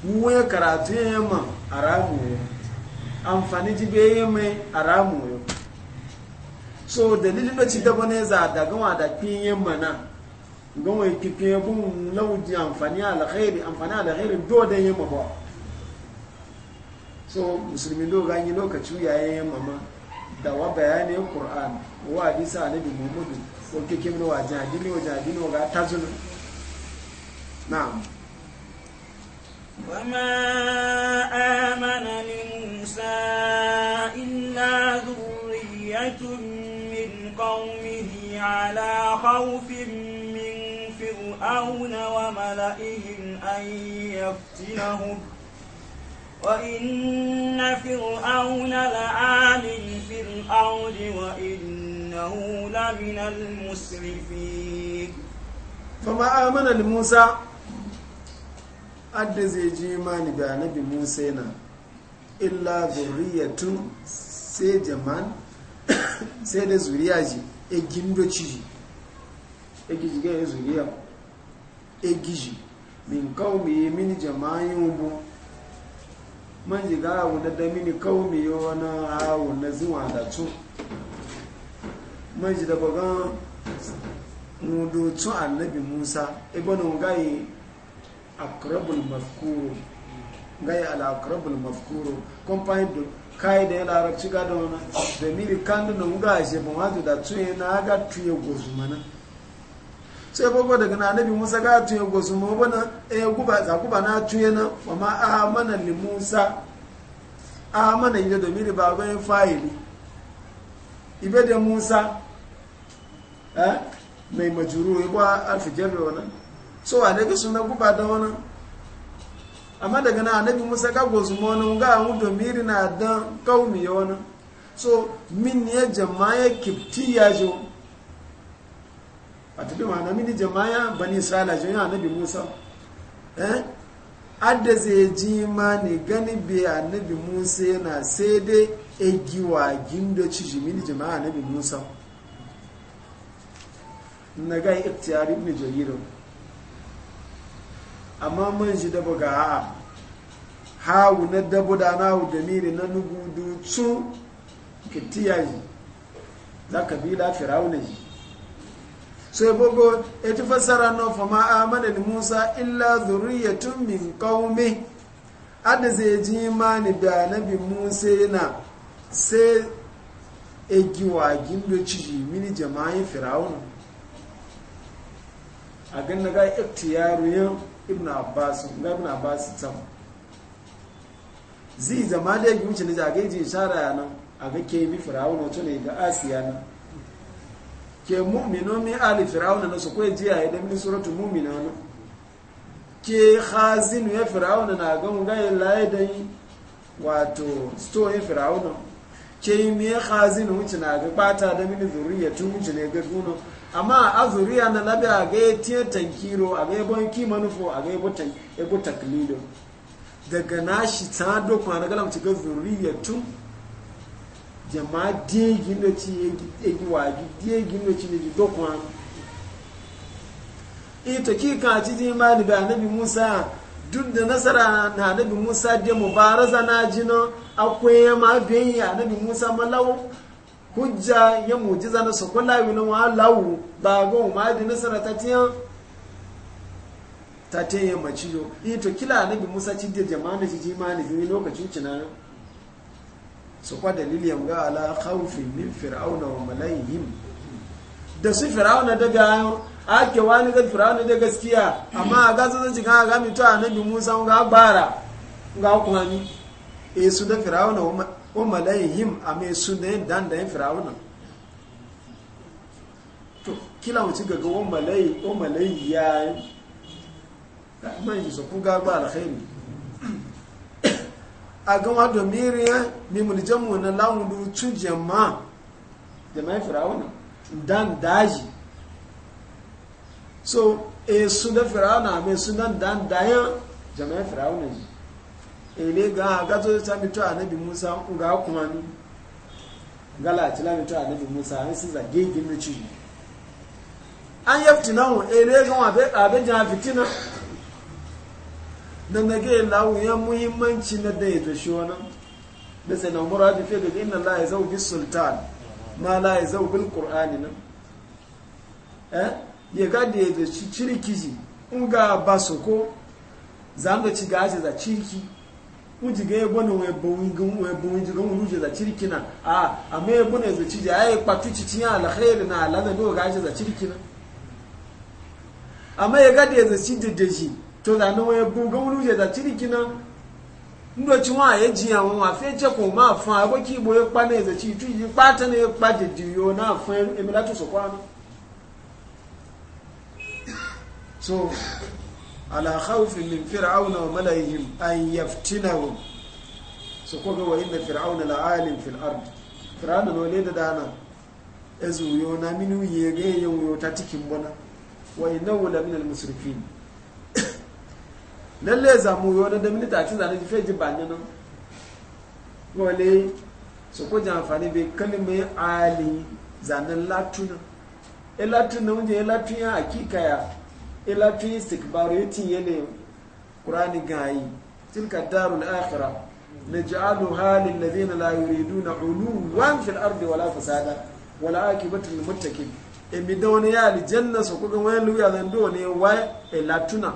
wuwe karatu ne yamma a ramu amfani jibe yamma a ramu so dalilin da ci daba ne za da gama da pinyen mana gama kipiye bin lauji amfani alkhairi amfani alkhairi do da yamma ba so musulmi do ganyi lokaci yayin yamma ma da wa bayani qur'an wa hadisi bi muhammad ko kike min wa jadini wa jadini wa tazun na'am وما آمن لموسى إلا ذرية على خوف من فرعون وملئهم أن يفتنهم وإن فرعون لآل في الأرض وإنه لمن المسرفين فما آمن لموسى أدى زيجي ما mani ga annabi Musa yana illa zuriyatu sai egin do ciji ya egiji min ga awu da mini awu na zuwa da tu da annabi musa ibnu gai akrabul mafkuru gai al akrabul mafkuru kai e da ya larabci gada wani da miri kandu na muga a shebun wato da tuye na aga tuye gozuma na sai bago daga na nabi musa ga tuye gozuma wana e guba za guba na tuye na wa ma mana li musa mana ile da miri ba bayan fa'ili e ibe da musa eh mai majuru ya e ba alfijar da wani so a daga suna guba da wani amma daga na annabi musa ka gozu mono ga mu domiri na dan kaumi yono so min ya jama'a kiftiya jo atabi na min jama'a bani israila jo ya annabi musa eh adda zai ji ma ne gani bi annabi musa yana sai dai egiwa gindo ci ji min jama'a annabi musa na ga ikhtiyar ibn jarir amma man shi dabo ga a'a hawu na dabu da na hau da miri na nugu dutsu kitiya yi za ka bi da firawuna yi sai bugu ya ti fassara na fama amana da musa illa zuriyatun min qaumi adda zai ji imani da nabi musa yana sai egiwagin gindo ciji mini jama'in firawuna a ganin ga iktiyaru yau ibn abbas ga ibn abbas tam zai zama da yake wuce na jage ji shara ya nan a ga ke bi firawun wato ne ga asiya nan ke mu'mino mi ali firawun na su koyi jiya ya dami suratu mu'mina nan ke khazinu ya firawun na ga mun ga laye da wato sto ya firawun ke mi khazinu wuce na ga bata da mini zuriya tun wuce ne ga gunu amma a zuriya na labi a ga tiyar tankiro a ga yabon manufo a ga yabo taklidon e daga na shi ta dokun a galam ci ga tun jama'a diye gino ci ya e e gi wagi diye gino ci ne dokun ita ki ka ci ji ma da nabi musa duk da nasara na nabi musa da mubaraza na jino akwai ya ma bayi annabi musa malawo hujja ya mujiza na su kula wani wa lawu ba go ma di nasara ta ta te ya maci yo yi to kila na bi musa ci da jama'a da ji ma ne bi lokacin cina so kwa dalili ga ala haufin min fir'auna wa malayhim da su fir'auna daga ga ake wani zai fir'auna da gaskiya amma a gasa zai cika ga a na bi musa ga bara ga kuma e su da fir'auna wa wa malayhim a mai sunayen dan da yin firawuna to kila wuce gaga wa malayi wa malayi ya yi man yi sokun gagba alkhairu a gama domin ya mimul jamu na lamudu tun jama'a jama'in firawuna dan daji so e sunan firawuna mai sunan dan dayan jama'in firawuna ji ele ga gazo ta mito annabi Musa nga kuma ni gala ti la mito annabi Musa an si zage gimi ci an yafti na wo ele ga wa abe jan fitina dan dage lawo ya muhimmanci na da yato shi wannan da sai na mura bi fe ga inna la yazau bis sultan ma la yazau bil qur'ani nan eh ya ga da yato shi cirkiji in ga basoko zanga ci gaje za cirki wuji ga ebo na we bo wingi we bo wingi ga wulu je za cirkina a amma ebo na za cije ai patu cici ya alkhair na alada do ga je za cirkina Ama ya ga da za cije to da na we bo ga wulu je za cirkina ndo ci eji ye ji awon wa fe je ko ma fun abo ki bo ye pa na za ci tu yi pa ta na ye pa de di yo na fun emilatu e so kwa so ala khawfin min fir'auna wa mala'ihim an yaftinahum su kuma wa inna fir'auna la'alim fil ard fir'auna no le da dana ezuyo na minu yege yoyo ta cikin bona wa innahu la min al musrifin lalle zamu yo da minu ta cin zanin feji banya nan wale su ko jamfani be kalmai ali zanin latuna e latuna unje latuna akika ya ila tun istikbaru yatin yene qur'ani gayi tilka darul akhirah naj'aluha lil ladina la yuriduna uluwan fil ardi wala fasada wala akibatu lil muttaqin emi doni ya li janna so ko wani luya zan do ne wa elatuna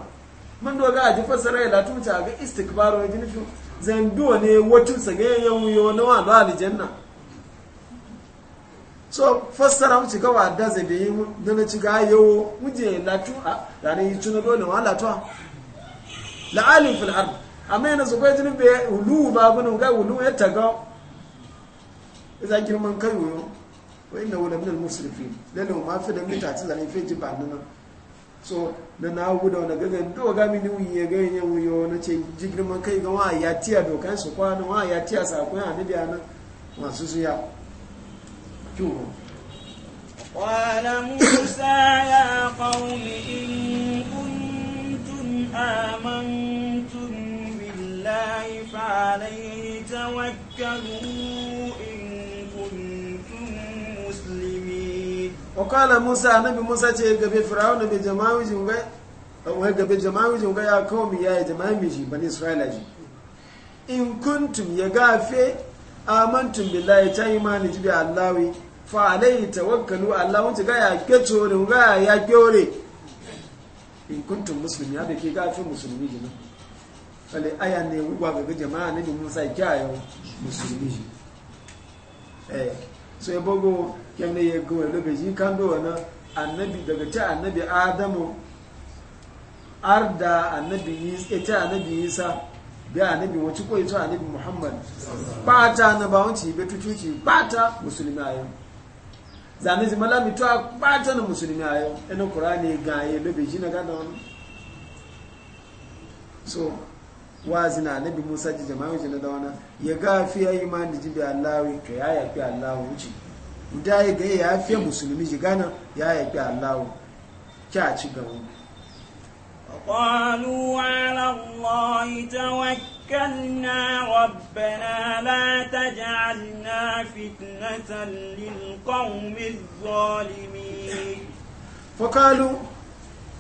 mun do ga aji fasara elatuna ta ga istikbaru ne jinu zan do ne wotun sa ga yawo yo na wa al janna so fassara mu ciga wa da zabe yi mu da na ciga yawo muje latu a ranar yi tuna dole wa latu a la'alin fil'ar ard amma yana su kai jini bai hulu ba bu gai hulu ya taga za girman kai wuyo wa inna wala min musulfi musrifin ma fi da mita ta zalai fi jiba nuna so na na hagu da wani gaggan to ga mini wuyi ya gayen ya wuyo na ce jirgin kai ga wa ya tiya dokan su kwana wa ya tiya sakon annabi anan masu zuya فأتوه قال موسى يا قوم إن كنتم آمنتم بالله فعليه توكلوا إن كنتم مسلمين وقال موسى نبي موسى فرعون بجماعه wai gabe jama'u jinga ya kawo mi ya yi jama'a miji bane isra'ila ji in kuntum ya gafe amantum billahi ta imani ji bi allawi fa alayhi tawakkalu Allah mun ga ya ke tsore ga ya kyore in kuntum muslimi ya ke ga fi musulmi jina kale aya ne wuwa ga jama'a ne mun sai kyayo musulmi eh so ya bogo kyan ne ya gowa lobe ji kan do wana annabi daga ta annabi adamu arda annabi isa ta annabi isa bi annabi wacce ko ita annabi muhammad ba ta na ba wanci be tutuci ba ta musulmi ayo zane ji mala mi to a kpata na musulmi ayo eno qur'ani ga ye lo be jina ga don so wazi na bi musa ji jama'a jina da wana ya ga fi ayi man ji bi allah wi ya ya bi allah wuci da ya ga ya fi musulmi ji gana ya ya bi allah ki a ci gaba وقالوا على الله توكلنا ربنا لا تجعلنا فتنة للقوم الظالمين فقالوا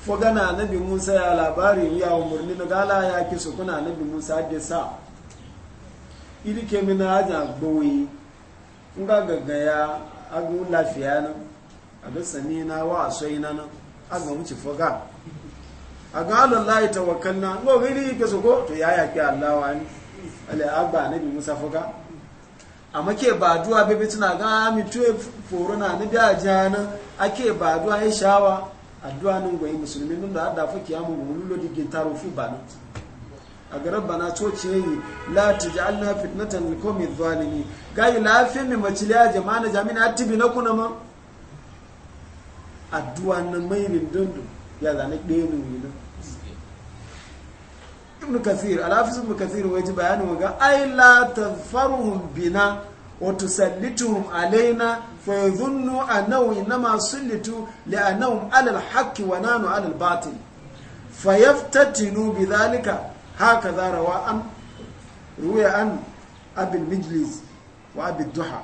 fogana nabi musa ya labarin ya umarni na gala ya ke su kuna nabi musa da sa iri ke mina aja gbowe nga agu lafiya a ga na wa a na aga wuce foga a ga alallahi tawakkalna ngo gani ke so ko to ya yaki Allah wani ala agba bi Musa fuka amma ke ba duwa bebe tana ga mi tuwe foro na ni da jana ake ba duwa ya shawa addu'a nan goyi musulmi nun da hada fuki ya mu lodi gintaro taro fu bana a garin bana to ce yi la tuj'alna fitnatan lil qawmi zalimi gai lafi mi maciliya jama'a na jami'a tibi na kuna ma addu'a nan mai rindundun ya zane ɗaya nuni nan ibn kathir alafis ibn kathir wai ji bayanin waga ai la tafaruhum bina wato sallituhun alaina a yadhunnu na masu litu li a ala alal haqqi wa nanu ala al-batil fayaftatinu bidhalika haka rawa an ruya an abin mijlis wa abin duha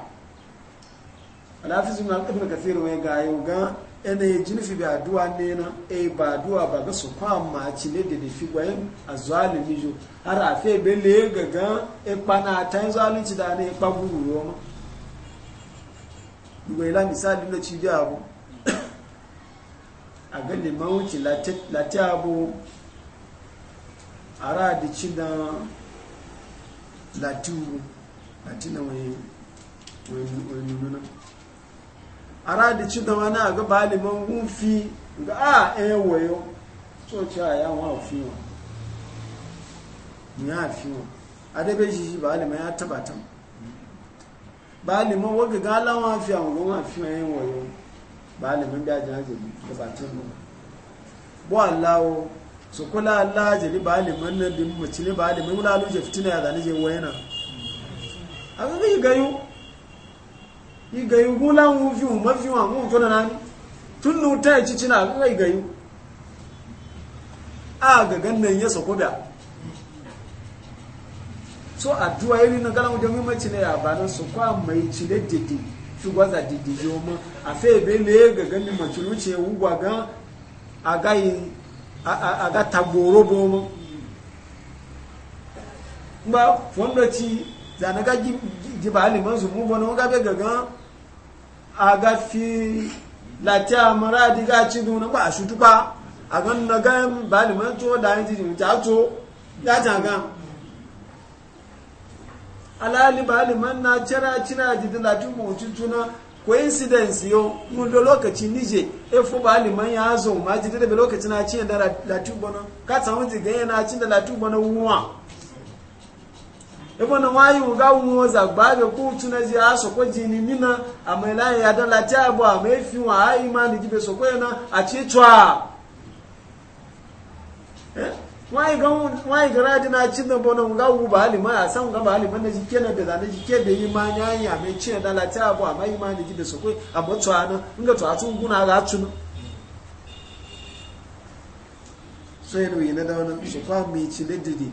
alafis ibn kathir wai ga yau ga ene fi bi aduwa ne na e ba aduwa ba ga su kwa ma ci ne da fi gwaye a zalimi jo har a fe be le gaga e na ta zalunci da ne e kpa guru ma dubai ila misali na ci da abu a gani wuce lati abu ara radi ci da lati ugu lati na wani nuna aradi ci da wani a ga baliman gufi ga a ɗaya wayo so ci a yawon hafi wa ya hafi wa adabe shi shi baliman ya taba ta baliman waga galawa hafi a wagon hafi wa yin wayo baliman da ajiyar jeli da batun mu bo allawo su kula allah jeli baliman na bin mace ne baliman wula aluje fitina ya zane je wayana a ga gayu igayi gula mu fi mu mafi wa mu to na tun nu ta ci cina ga igayi a ga gannan ya sako so addu'a yiri na galan wajen mimanci na yaba nan su kwa mai cile didi shi gwaza didi yoma a fe be ne ga ganin maculu ce ga a gayin a ga tagoro boma ba wanda ci zanaga ji ba liman su mu bono ga be ga aga fi lati amara diga chidu na ba shutu ba aga na ga ba ni man to da ji ji ta to ya ta ga alali ba ni man na chara chira ji da tu mu na coincidence yo mun do lokaci nije e fo ba ni man ya zo ma ji da lokaci na ci da latu bona ka ta mun ji ga yana ci da latu bona wuwa ebo na wayi uga umuoza gbabe ku tuna ji aso ko ni mina amela ya dala na amefi wa ai mani jibe so a achichwa eh wayi ga wayi ga radi na chin da bono uga u ba ali ma san uga ba ali banda jike na da na jike be yi mani ai ame chi dala jibe so na nga to atu nguna ga tunu so yi na da wannan so mi chi dedidi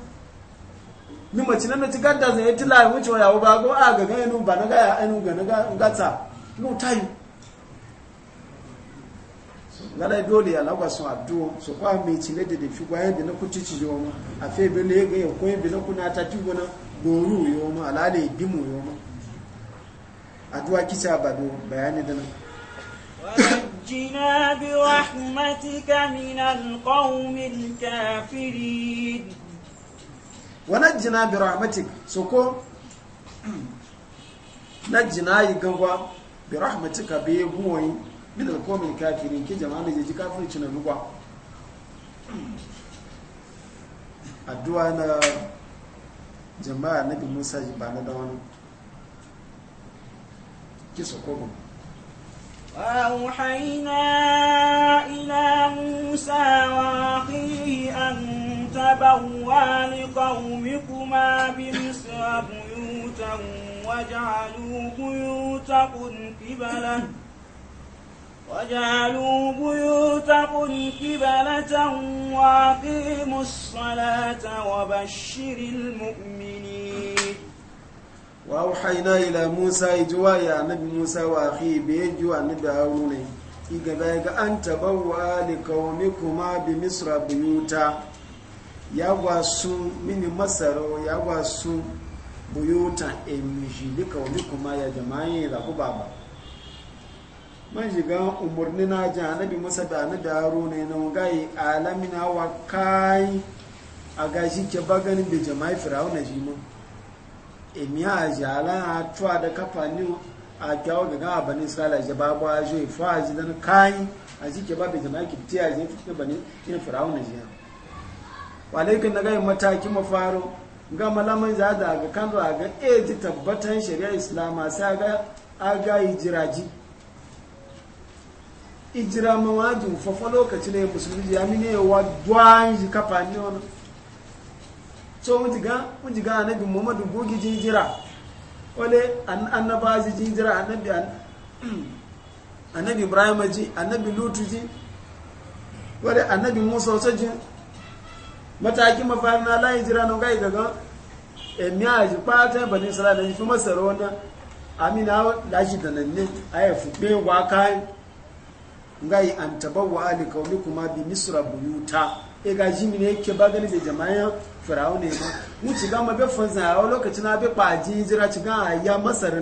mi mace nan ci gadda zan yi tilaye wuce yawo ba go a ga ganu ba na ga ya ga na ga no tayu ngala dole ya lagwa sun addu'o so kwa mai cile da dafi gwa yadda na kuci ci yoma a fe bi ne ga yau koyin bi na kuna ta ti gona doru yoma dimu yoma addu'a kisa ba bayani da nan ونجنا برحمتك من القوم الكافرين wanajjina bi rahmatik soko najjina yi gangwa bi rahmatika bi buwoyi min alqawmil kafirin ke jama'a ne ji kafiri cin lugwa addu'a na jama'a nabi Musa ji ba na da wani ki soko mu وأوحينا إلى موسى وأخيه أن تبوا لقومكما بمصر بيوتا وجعلوا بيوتكم قبلة وجعلوا بيوتكم قبلة وأقيموا الصلاة وبشر المؤمنين وأوحينا إلى موسى إجوا يا نبي موسى وأخيه بيجوا نبي هاروني إجابة أنت بوا لقومكما بمصر بيوتا ya gwasu mini masaro ya gwasu buyuta emijilika wani kuma ya jama'in ragu baba man shiga umarni na ji anabi musa da da haro ne na gayi alamina wa kai a gashi ke baganin da jama'i na ji mu emi a ji ala a tuwa da kafa ni a kyawo ga gawa bani isra'ila ji ba ba ji fa ji dan kai a ji ke ba da jama'i ki fitiya ji fitina bani firawo na ji ya walaikin daga yin mataki mafaro ga malaman za da ga kan a ga eji tabbatan shari'a islama sai ga aga hijiraji ijira mawaji fafa lokaci ne musulmi ya mine wa duwan ji kafa ne wani so mujiga na annabi muhammadu gogi jinjira wale annaba ji jinjira annabi annabi ibrahim ji annabi lutu ji wale annabi musa wasu jinjira mataki mafarin na layin jira nan gai daga emi eh, a ji fatan bani sara da yi masara wannan amina lashi da nan ne a yi fuɓe wa kayan gai an taɓa wa wani kuma bi misra buyuta e ga jimi ne yake ba gani da jama'in firawo ne ma mu ci gama bai fanzan a lokacin na bai kwaji jira ci gan a ya masar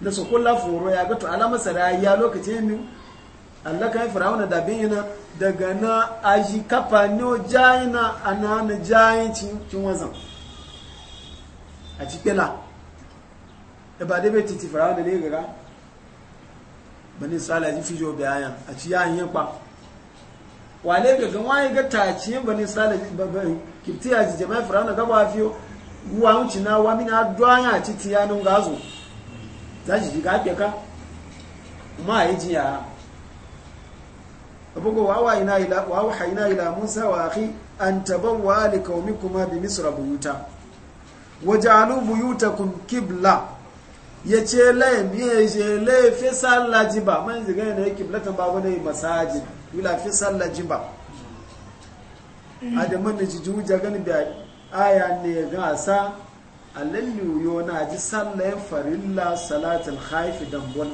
na sokola foro ya gato ala masara ya lokacin yin Allah kan firawuna da bin yana daga na aji kafa ne jayina ana na jayi cin wazan a cikela da e ba dai bai titi firawuna ne gaga bani isra'ila ji fijo bayan a ci yayin yakwa wale gaga wani ga ci tace bani isra'ila kifti a ji jama'a firawuna gaba fiyo ruwa wuce na wa mini addu'a ya ci tiyanin gazo za ji ji ga ka ma yi jiya abugo wawa ina ila wawa haina ila musa wa akhi an tabawwa li qaumikuma bi misra buyuta waj'alu buyutakum qibla yace la biye je la fi sallah jiba man ziga ne qiblatan babu ne masajid ila fi sallah jiba adamu ne ji juja gani da aya ne ga sa alallu yo na ji sallah farilla salatul khaif dambon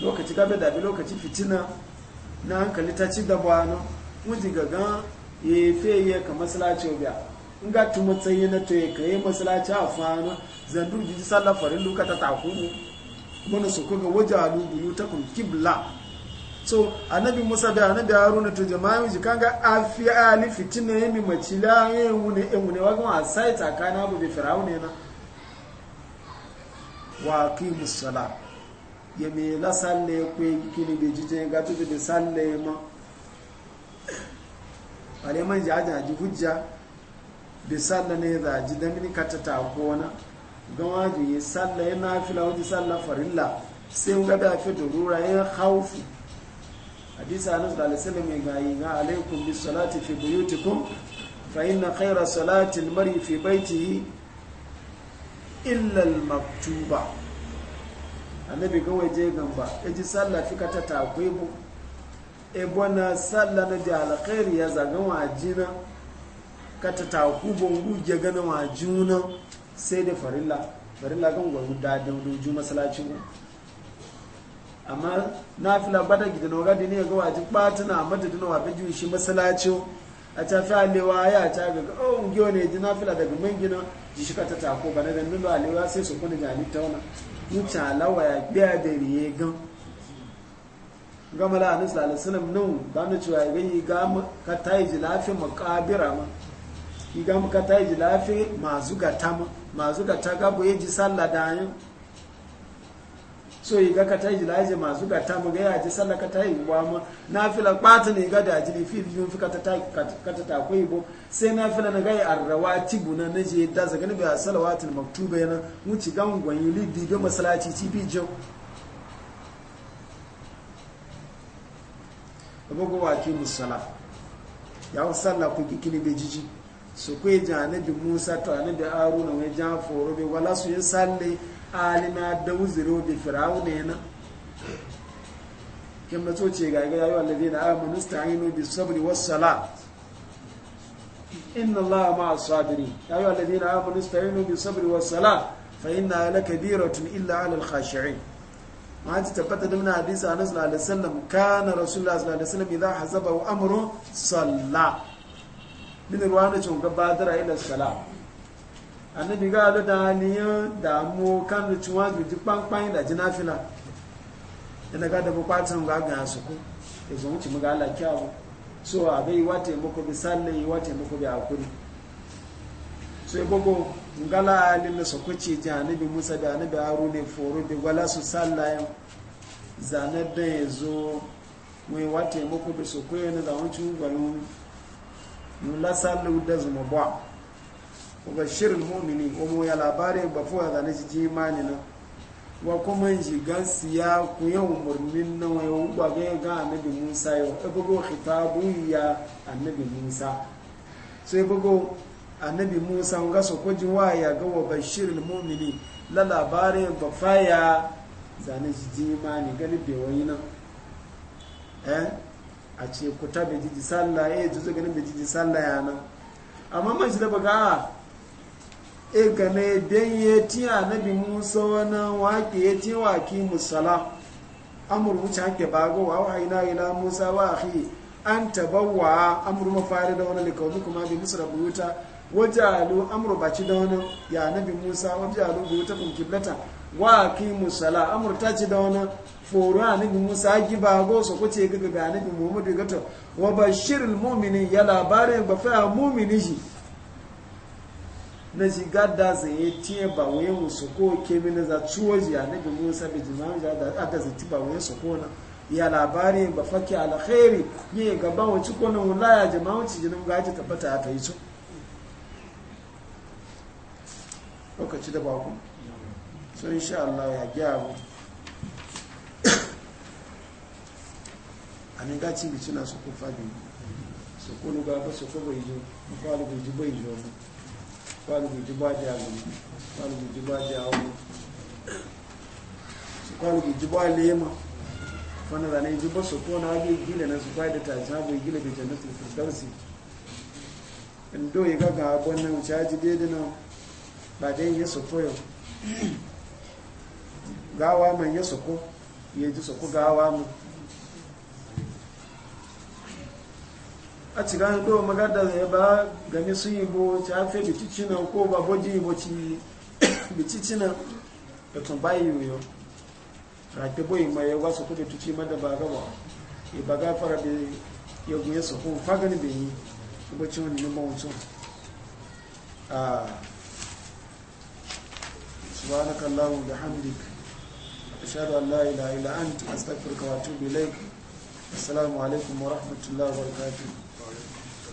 lokaci gabe dabi lokaci fitina na hankali ta ci da bano wuji gaga ya yi ya ka masalacin biya in ga tu matsayi na to ya kai masalacin a fano zandu jiji sallafarin luka ta takunu mana su kuga ta kun kibla so anabi musa da anabi haruna to jama'a wuji kanga afi ali fitina ya mi macila ya wune ya wune wa gama sai tsakana abu bi firawune na wa aqimus musala ya me la salle kwe kini be jite ga tudu be salle ma ale man jaja ji hujja be salle ne za ji da mini kata ta ko ji ga waji ya salle na fila waji salla farilla sai ga da fi durura ya khaufu hadisi anas da alisallam ga yi ga alaikum bis salati fi buyutikum fa inna khayra salati al mar'i fi baytihi illa al maktuba annabi ga je gamba ya ji sallah fika ta takwai bu e sallah na da alkhairi ya zaga wajina ka ta taku bongu ya gana wajuna sai da farilla farilla kan gwaru dadin ruju masalaci ku amma na fila bada gidan wagadi ne ga wajin batuna madadin wa bijin shi masalaci a ta fi alewa ya ta gaga oh ngiyo ne ji fila daga man gina ji shi ta tako ba na da nuna alewa sai su kuna jani ta wana ta lawa ya biya da riye gan gama la anis lalai sulam nan ba na cewa ya gani ga ka ta yi ji lafi makabira ma yi ga ka ta yi ji lafi zuga ta ma zuga ta ga bu ya ji sallah da yin so yi gaka ta yi jilaje masu gata mu ga ji sallah ka ta yi ba mu fila kwata ne ga da jiri fi biyun fi kata ta kwai bo sai na fila na gai arrawati buna na na je da zaga nabi salawatul maktuba yana wuci gan yi lidi ga masalaci ci bi jau abugo wa ki musala ya sallah ku kikini be jiji su ku je annabi Musa to annabi Haruna wai jan foro be wala su yin salle alina na da wuzuro da firawuna yana kin na ce ga ga yayi wallahi na amanu sta'inu bis sabri was sala inna allaha ma sabirin yayi wallahi na amanu sta'inu bis sabri was sala fa inna lakabiratun illa 'alal khashi'in ma ji tabbata da muna hadisi anas na da sallam kana rasulullah sallallahu alaihi wasallam idza hazaba amru salla min ruwana chunga badara ila salat annabi ga lo da niyan da mu kan lu tuwa ju ji panpan da jina fila ina ga da bu kwatsun ga ga su ku e zo mu ci mu ga Allah kyawu so abai wate muku bi salle wate muku bi akuri so e gogo ngala alilla so ku ci ji annabi Musa da annabi Haruna foro bi wala su sallayan zanar da ya zo mai wate muku bi so ku yana da wancu ga yun yun la sallu da zuma ba bashirin hominin omo ya labarin bafo ya zane shi imani na wa kuma shi gansi ya ku yau murmin na yau ba ga ga annabi musa yau ebogo khitabu ya annabi musa sai ebogo annabi musa ga so ko ji waya ga wa bashirin mumini la labari bafa ya zane shi imani gani wani na. eh a ce ku ta bai jiji sallah eh juzo ganin bai jiji sallah ya nan amma mai shi da baga ah, e gane den ya ti annabi musa wani wake ya ti waki musala amur wuce hake bago wa wahaina ila musa wa akhi an tabawa amur mafari da wani likawmi kuma bi musu da buyuta wajalu amur baci da wani ya annabi musa wajalu buwuta kun kiblata wa aki musala amur ta ci da wani foro annabi musa aki bago su kuce gaga ga annabi muhammadu gato wa bashirul mu'minin ya labarin ba fa mu'mini shi na ji gada yi tiye ba waye mu su ko kemi na za ciwo ji annabi musa da jima ja da aka zati ba waye su ko na ya labari ba fake alkhairi ne gaba wace ko na wulaya jama'a ci jinin gaji tabbata ta yi su lokaci da baku so insha Allah ya gya gyaru anin gaci bi suna su ko fadi su ko luga ba su ko bai jo ko alubu ji bai jo kwaluguji ba jagu kwaluguji ba jagu su kwaluguji ba lema wanda zane ji ba su kona abin gila na su kwaida ta jagu gila da jannatin firdausi in do yi gaga abon nan caji daidai nan ba dai ya soko yau gawa man ya soko ya ji soko gawa mu a cikin ɗo magada da ba gami sun e yi e bo ci hafe bicicina ko ba boji yi boci bicicina da tun bayi yi yiwu rafi boyi mai yawa su kudu tuci mada ba gaba ya ba gafara da ya gunye su ko fagani bai yi ci wani nuna mawancin a subhanahu wa ta'ala wa bihamdik ashhadu an la ilaha illa anta astaghfiruka wa atubu ilaik assalamu alaikum wa rahmatullahi wa barakatuh